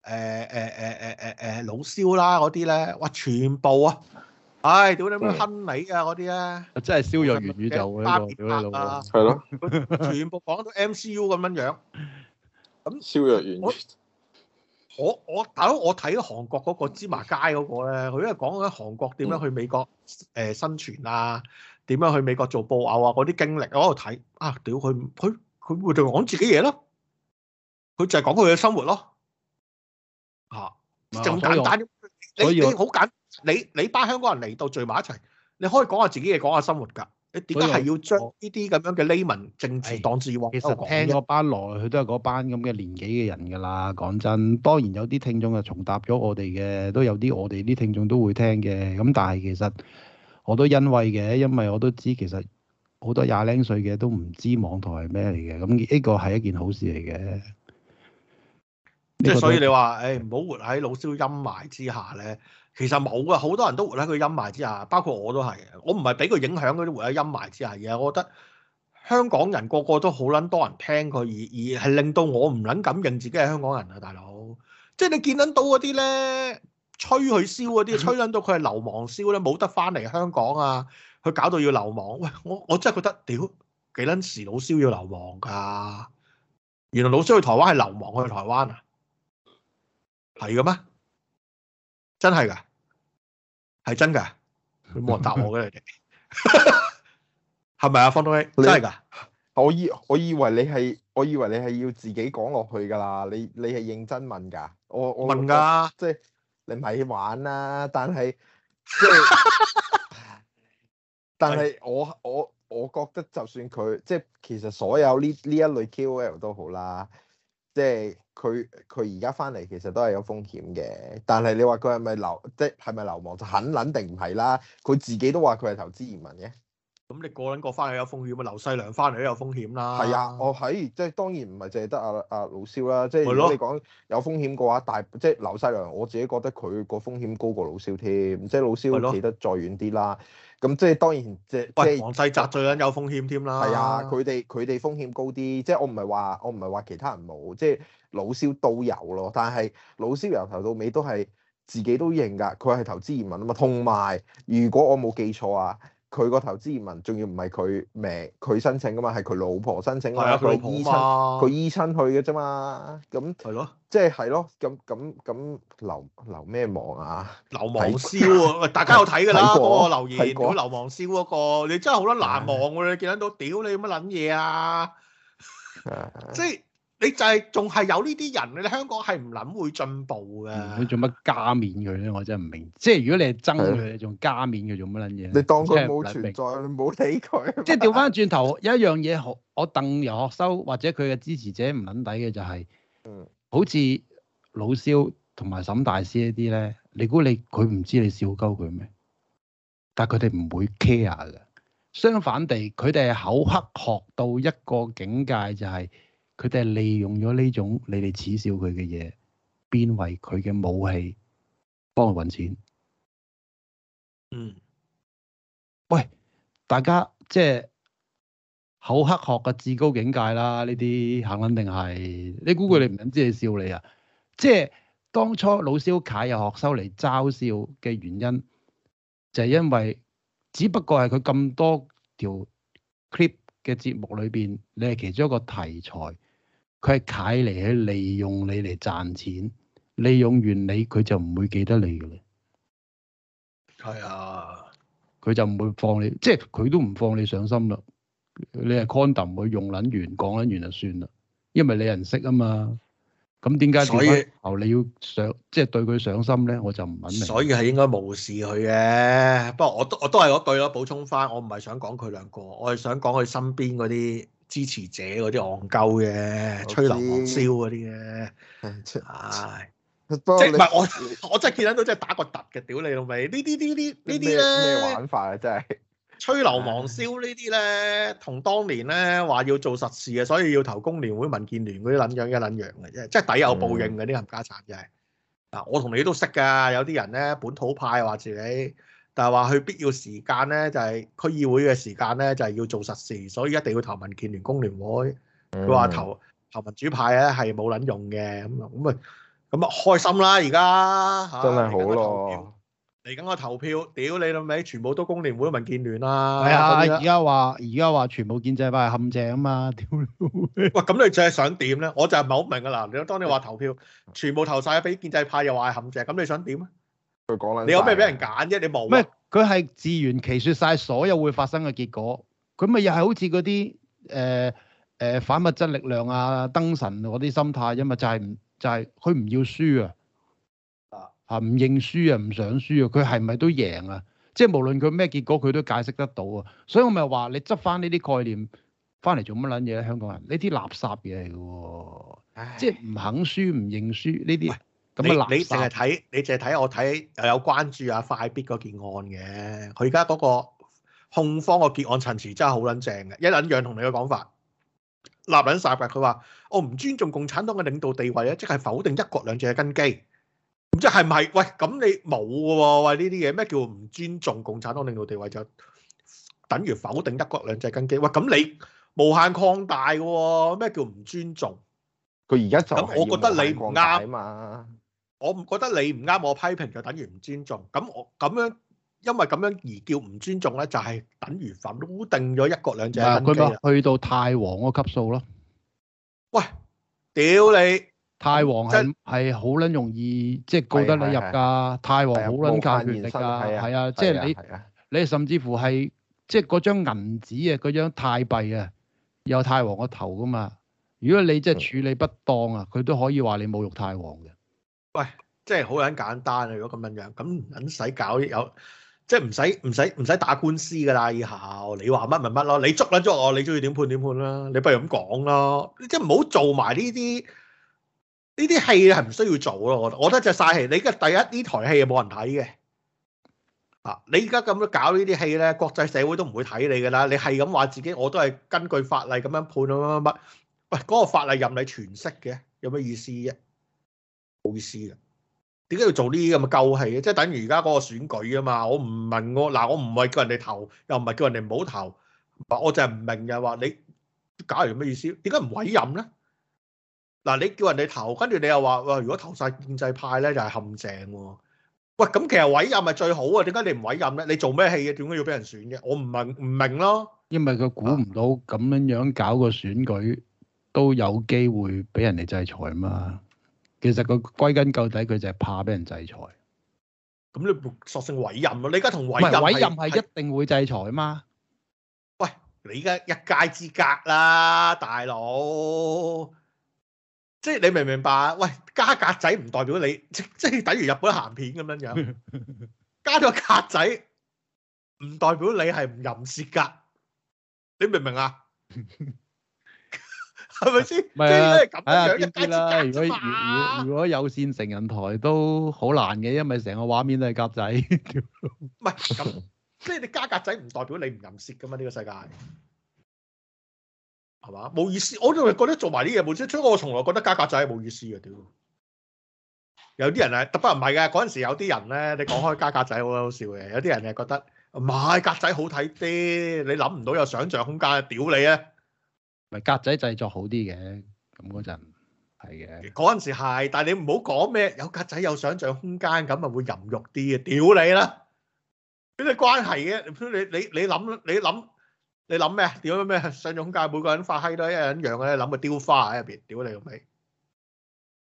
誒誒誒誒誒誒老蕭啦嗰啲咧，哇，全部啊！唉，屌你乜婚禮啊嗰啲咧，真係蕭若元宇宙呢個，係咯，全部講到 MCU 咁樣樣。咁蕭若元宇宙，我我，大佬我睇韓國嗰個芝麻街嗰個咧，佢因為講緊韓國點樣去美國誒生存啊，點樣去美國做布偶啊，嗰啲經歷我喺度睇啊，屌佢佢佢會同講自己嘢咯，佢就係講佢嘅生活咯，啊，仲簡單，你你好簡。你你班香港人嚟到聚埋一齊，你可以講下自己嘅講下生活㗎。你點解係要將呢啲咁樣嘅呢文政治擋住喎？其實聽嗰班來去都係嗰班咁嘅年紀嘅人㗎啦。講真，當然有啲聽眾係重答咗我哋嘅，都有啲我哋啲聽眾都會聽嘅。咁但係其實我都欣慰嘅，因為我都知其實好多廿零歲嘅都唔知網台係咩嚟嘅。咁呢個係一件好事嚟嘅。即係所以你話，誒唔好活喺老蕭陰霾之下咧。其實冇噶，好多人都活喺佢陰霾之下，包括我都係。我唔係俾佢影響嗰啲活喺陰霾之下嘅嘢。我覺得香港人個個都好撚多人聽佢，而而係令到我唔撚敢認自己係香港人啊，大佬。即係你見撚到嗰啲咧，吹佢簫嗰啲，吹撚到佢係流亡簫咧，冇得翻嚟香港啊，佢搞到要流亡。喂，我我真係覺得屌幾撚時老蕭要流亡㗎？原來老蕭去台灣係流亡去台灣啊？係嘅咩？真係㗎？係真噶，佢冇人答我嘅。啊、你哋，係 咪啊，方東輝？真係噶？我以我以為你係，我以為你係要自己講落去噶啦。你你係認真問噶？我我問噶的，即係你咪玩啦。但係即係，但係我我我覺得，就算佢即係其實所有呢呢一類 KOL 都好啦。即係佢佢而家翻嚟其實都係有風險嘅，但係你話佢係咪流，即係咪流亡，就肯定唔係啦，佢自己都話佢係投資移民嘅。咁你個搵個翻嚟有風險，咁劉世良翻嚟都有風險啦。係啊，我、哦、喺、哎、即係當然唔係淨係得阿阿老蕭啦，即係如果你講有風險嘅話，的大即係劉世良，我自己覺得佢個風險高過老蕭添，即係老蕭企得再遠啲啦。咁的即係當然即係黃世澤最緊有風險添啦。係啊，佢哋佢哋風險高啲，即係我唔係話我唔係話其他人冇，即係老蕭都有咯。但係老蕭由頭到尾都係自己都認噶，佢係投資移民啊嘛。同埋如果我冇記錯啊，佢個投資移民仲要唔係佢名，佢申請㗎嘛，係佢老婆申請，佢佢依親佢依親去嘅啫嘛，咁，係咯，嗎即係係咯，咁咁咁流流咩亡啊？流氓燒啊！看大家有睇㗎喇嗰過個留言，嗰過流氓燒嗰、那個，你真係好多難忘喎、啊！的你見得到屌你有乜撚嘢啊？即 係。你就係仲係有呢啲人，你香港係唔諗會進步嘅。你做乜加冕佢咧？我真係唔明。即係如果你係憎佢，你仲的加冕佢做乜撚嘢？你當佢冇存在，你冇理佢。即係調翻轉頭， 有一樣嘢學我鄧游學修或者佢嘅支持者唔撚底嘅就係、是，好似老蕭同埋沈大師呢啲咧，你估你佢唔知你笑鳩佢咩？但係佢哋唔會 care 嘅。相反地，佢哋係口黑學到一個境界、就是，就係。佢哋係利用咗呢種你哋恥笑佢嘅嘢，變為佢嘅武器，幫佢揾錢。嗯，喂，大家即係口黑學嘅至高境界啦，呢啲肯定係你估佢哋唔忍，即係笑你啊？嗯、即係當初老蕭楷又學收嚟嘲笑嘅原因，就係、係、因為只不過係佢咁多條 clip 嘅節目裏邊，你係其中一個題材。佢係解嚟去利用你嚟賺錢，利用完你佢就唔會記得你嘅啦。係啊，佢就唔會放你，即係佢都唔放你上心啦。你係 condom，佢用捻完講捻完就算啦，因為你人識啊嘛。咁點解？所以，哦，你要上即係對佢上心咧，我就唔明。所以係應該無視佢嘅。不過我都我都係嗰句咯，補充翻，我唔係想講佢兩個，我係想講佢身邊嗰啲。支持者嗰啲戇鳩嘅，吹流狂燒嗰啲嘅，即係你 我我，我真係見到真係打個突嘅，屌你老味呢啲啲啲呢啲咧咩玩法啊，真係吹流狂燒呢啲咧，同當年咧話要做實事嘅，所以要投工聯會、民建聯嗰啲撚樣一撚樣嘅啫，即係抵有報應嘅啲冚家鏟真係嗱，我同你都識㗎，有啲人咧本土派話自己。但係話佢必要時間咧，就係區議會嘅時間咧，就係要做實事，所以一定要投民建聯、工聯會。佢話投投民主派咧係冇撚用嘅，咁啊咁啊咁啊開心啦而家真係好咯！嚟緊個投票，屌你老味，全部都工聯會、民建聯啦！係啊！而家話而家話全部建制派係陷阱吖嘛？屌！喂，咁你即係想點咧？我就係唔係好明㗎喇。你當你話投票，全部投曬俾建制派，又話係陷阱，咁你想點咧？佢講啦，你有咩俾人揀啫？你冇咩？佢係自圓其說晒所有會發生嘅結果，佢咪又係好似嗰啲誒誒反物質力量啊、燈神嗰啲心態因嘛、就係？就係唔就係佢唔要輸啊啊唔認輸啊，唔想輸啊！佢係咪都贏啊？即係無論佢咩結果，佢都解釋得到啊！所以我咪話你執翻呢啲概念翻嚟做乜撚嘢咧？香港人呢啲垃圾嘢嚟嘅，唉即係唔肯輸、唔認輸呢啲。你你淨係睇，你淨係睇我睇又有關注啊！快必嗰件案嘅，佢而家嗰個控方個結案陳詞真係好撚正嘅，一撚樣同你嘅講法，立撚晒嘅。佢話我唔尊重共產黨嘅領導地位咧，即係否定一國兩制嘅根基。咁即係唔係？喂，咁你冇喎，喂，呢啲嘢咩叫唔尊重共產黨領導地位就等於否定一國兩制根基？喂，咁你無限擴大嘅喎，咩叫唔尊重？佢而家就我覺得你唔啱嘛。我唔覺得你唔啱，我批評就等於唔尊重。咁我咁樣，因為咁樣而叫唔尊重咧，就係、是、等於否定咗一國兩制。佢咪、啊、去到泰王嗰級數咯？喂，屌你！泰王係係好捻容易，即係告得你入噶。泰王好捻有權力噶，係啊，即係、啊啊啊啊、你你甚至乎係即係嗰張銀紙啊，嗰張泰幣啊，有泰王個頭噶嘛？如果你即係處理不當啊，佢、嗯、都可以話你侮辱泰王嘅。喂，即係好簡單啊！如果咁樣樣，咁唔使搞有，即係唔使唔使唔使打官司噶啦。以後你話乜咪乜咯，你捉緊捉我，你中意點判點判啦。你不如咁講咯，即係唔好做埋呢啲呢啲戲係唔需要做咯。我覺得我覺得就晒戲。你嘅第一呢台戲冇人睇嘅啊！你而家咁樣搞呢啲戲咧，國際社會都唔會睇你噶啦。你係咁話自己，我都係根據法例咁樣判乜乜乜。喂，嗰個法例任你詮釋嘅，有咩意思啫？冇意思嘅，點解要做呢啲咁嘅舊戲嘅？即係等於而家嗰個選舉啊嘛！我唔問我嗱，我唔係叫人哋投，又唔係叫人哋唔好投，我就係唔明嘅話，你搞成咁咩意思？點解唔委任咧？嗱，你叫人哋投，跟住你又話，哇！如果投晒建制派咧，就係陷阱喎。喂，咁其實委任係最好啊？點解你唔委任咧？你做咩戲嘅？點解要俾人選嘅？我唔明，唔明咯。因為佢估唔到咁樣樣搞個選舉都有機會俾人哋制裁啊嘛。其實佢歸根究底，佢就係怕俾人制裁。咁你索性委任咯，你而家同委唔委任係一定會制裁嘛？喂，你而家一介之隔啦，大佬，即係你明唔明白？喂，加格仔唔代表你，即係等於日本鹹片咁樣樣。 加咗格仔唔代表你係唔淫褻格，你明唔明啊？ 係咪先？即係咁樣，梗係啦。如果如如如果有線成人台都好難嘅，因為成個畫面都係格仔。唔係咁，即係你加格仔唔代表你唔淫褻噶嘛？呢個世界係嘛？冇意思，我仲係覺得做埋啲嘢冇意思。所以我從來覺得加格仔冇意思啊！屌，有啲人啊，不過唔係嘅嗰陣時有啲人咧，你講開加格仔好好笑嘅。有啲人係覺得唔係格仔好睇啲，你諗唔到有想像空間，屌你啊！咪格仔製作好啲嘅，咁嗰陣係嘅，嗰陣時係，但係你唔好講咩，有格仔有想象空間，咁咪會淫欲啲嘅，屌你啦，邊啲關係嘅？你你你諗你諗你諗咩啊？屌咩想象空間？每個人發閪都一樣嘅，諗嘅雕花喺入邊，屌你老味，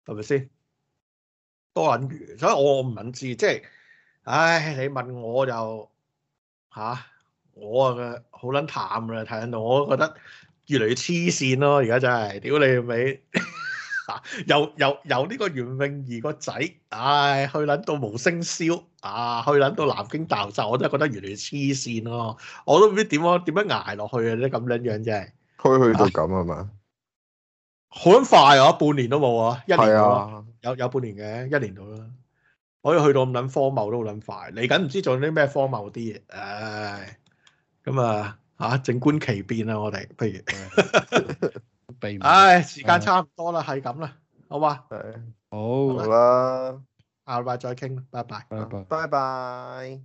係咪先？多撚餘，所以我我唔撚知，即係，唉，你問我就吓，我啊好撚淡啦，睇到我都覺得。越嚟越黐線咯！而家真係，屌你咪 由由由呢個袁詠儀個仔，唉、哎，去撚到無聲簫啊、哎，去撚到南京大屠殺，我都覺得越嚟越黐線咯！我都唔知點樣點樣捱落去啊！呢咁樣樣真係，去去到咁係嘛？好、哎、快啊！半年都冇啊，一年到啦，是啊、有有半年嘅，一年到啦，可以去到咁撚荒謬都好撚快。嚟緊唔知做啲咩荒謬啲嘢？唉、哎，咁啊～嚇，靜、啊、觀其變啊！我哋，不如，唉、 哎，時間差唔多啦，係咁啦，好嘛？好啦，下禮拜再傾，拜拜，拜拜，拜拜。拜拜，拜拜。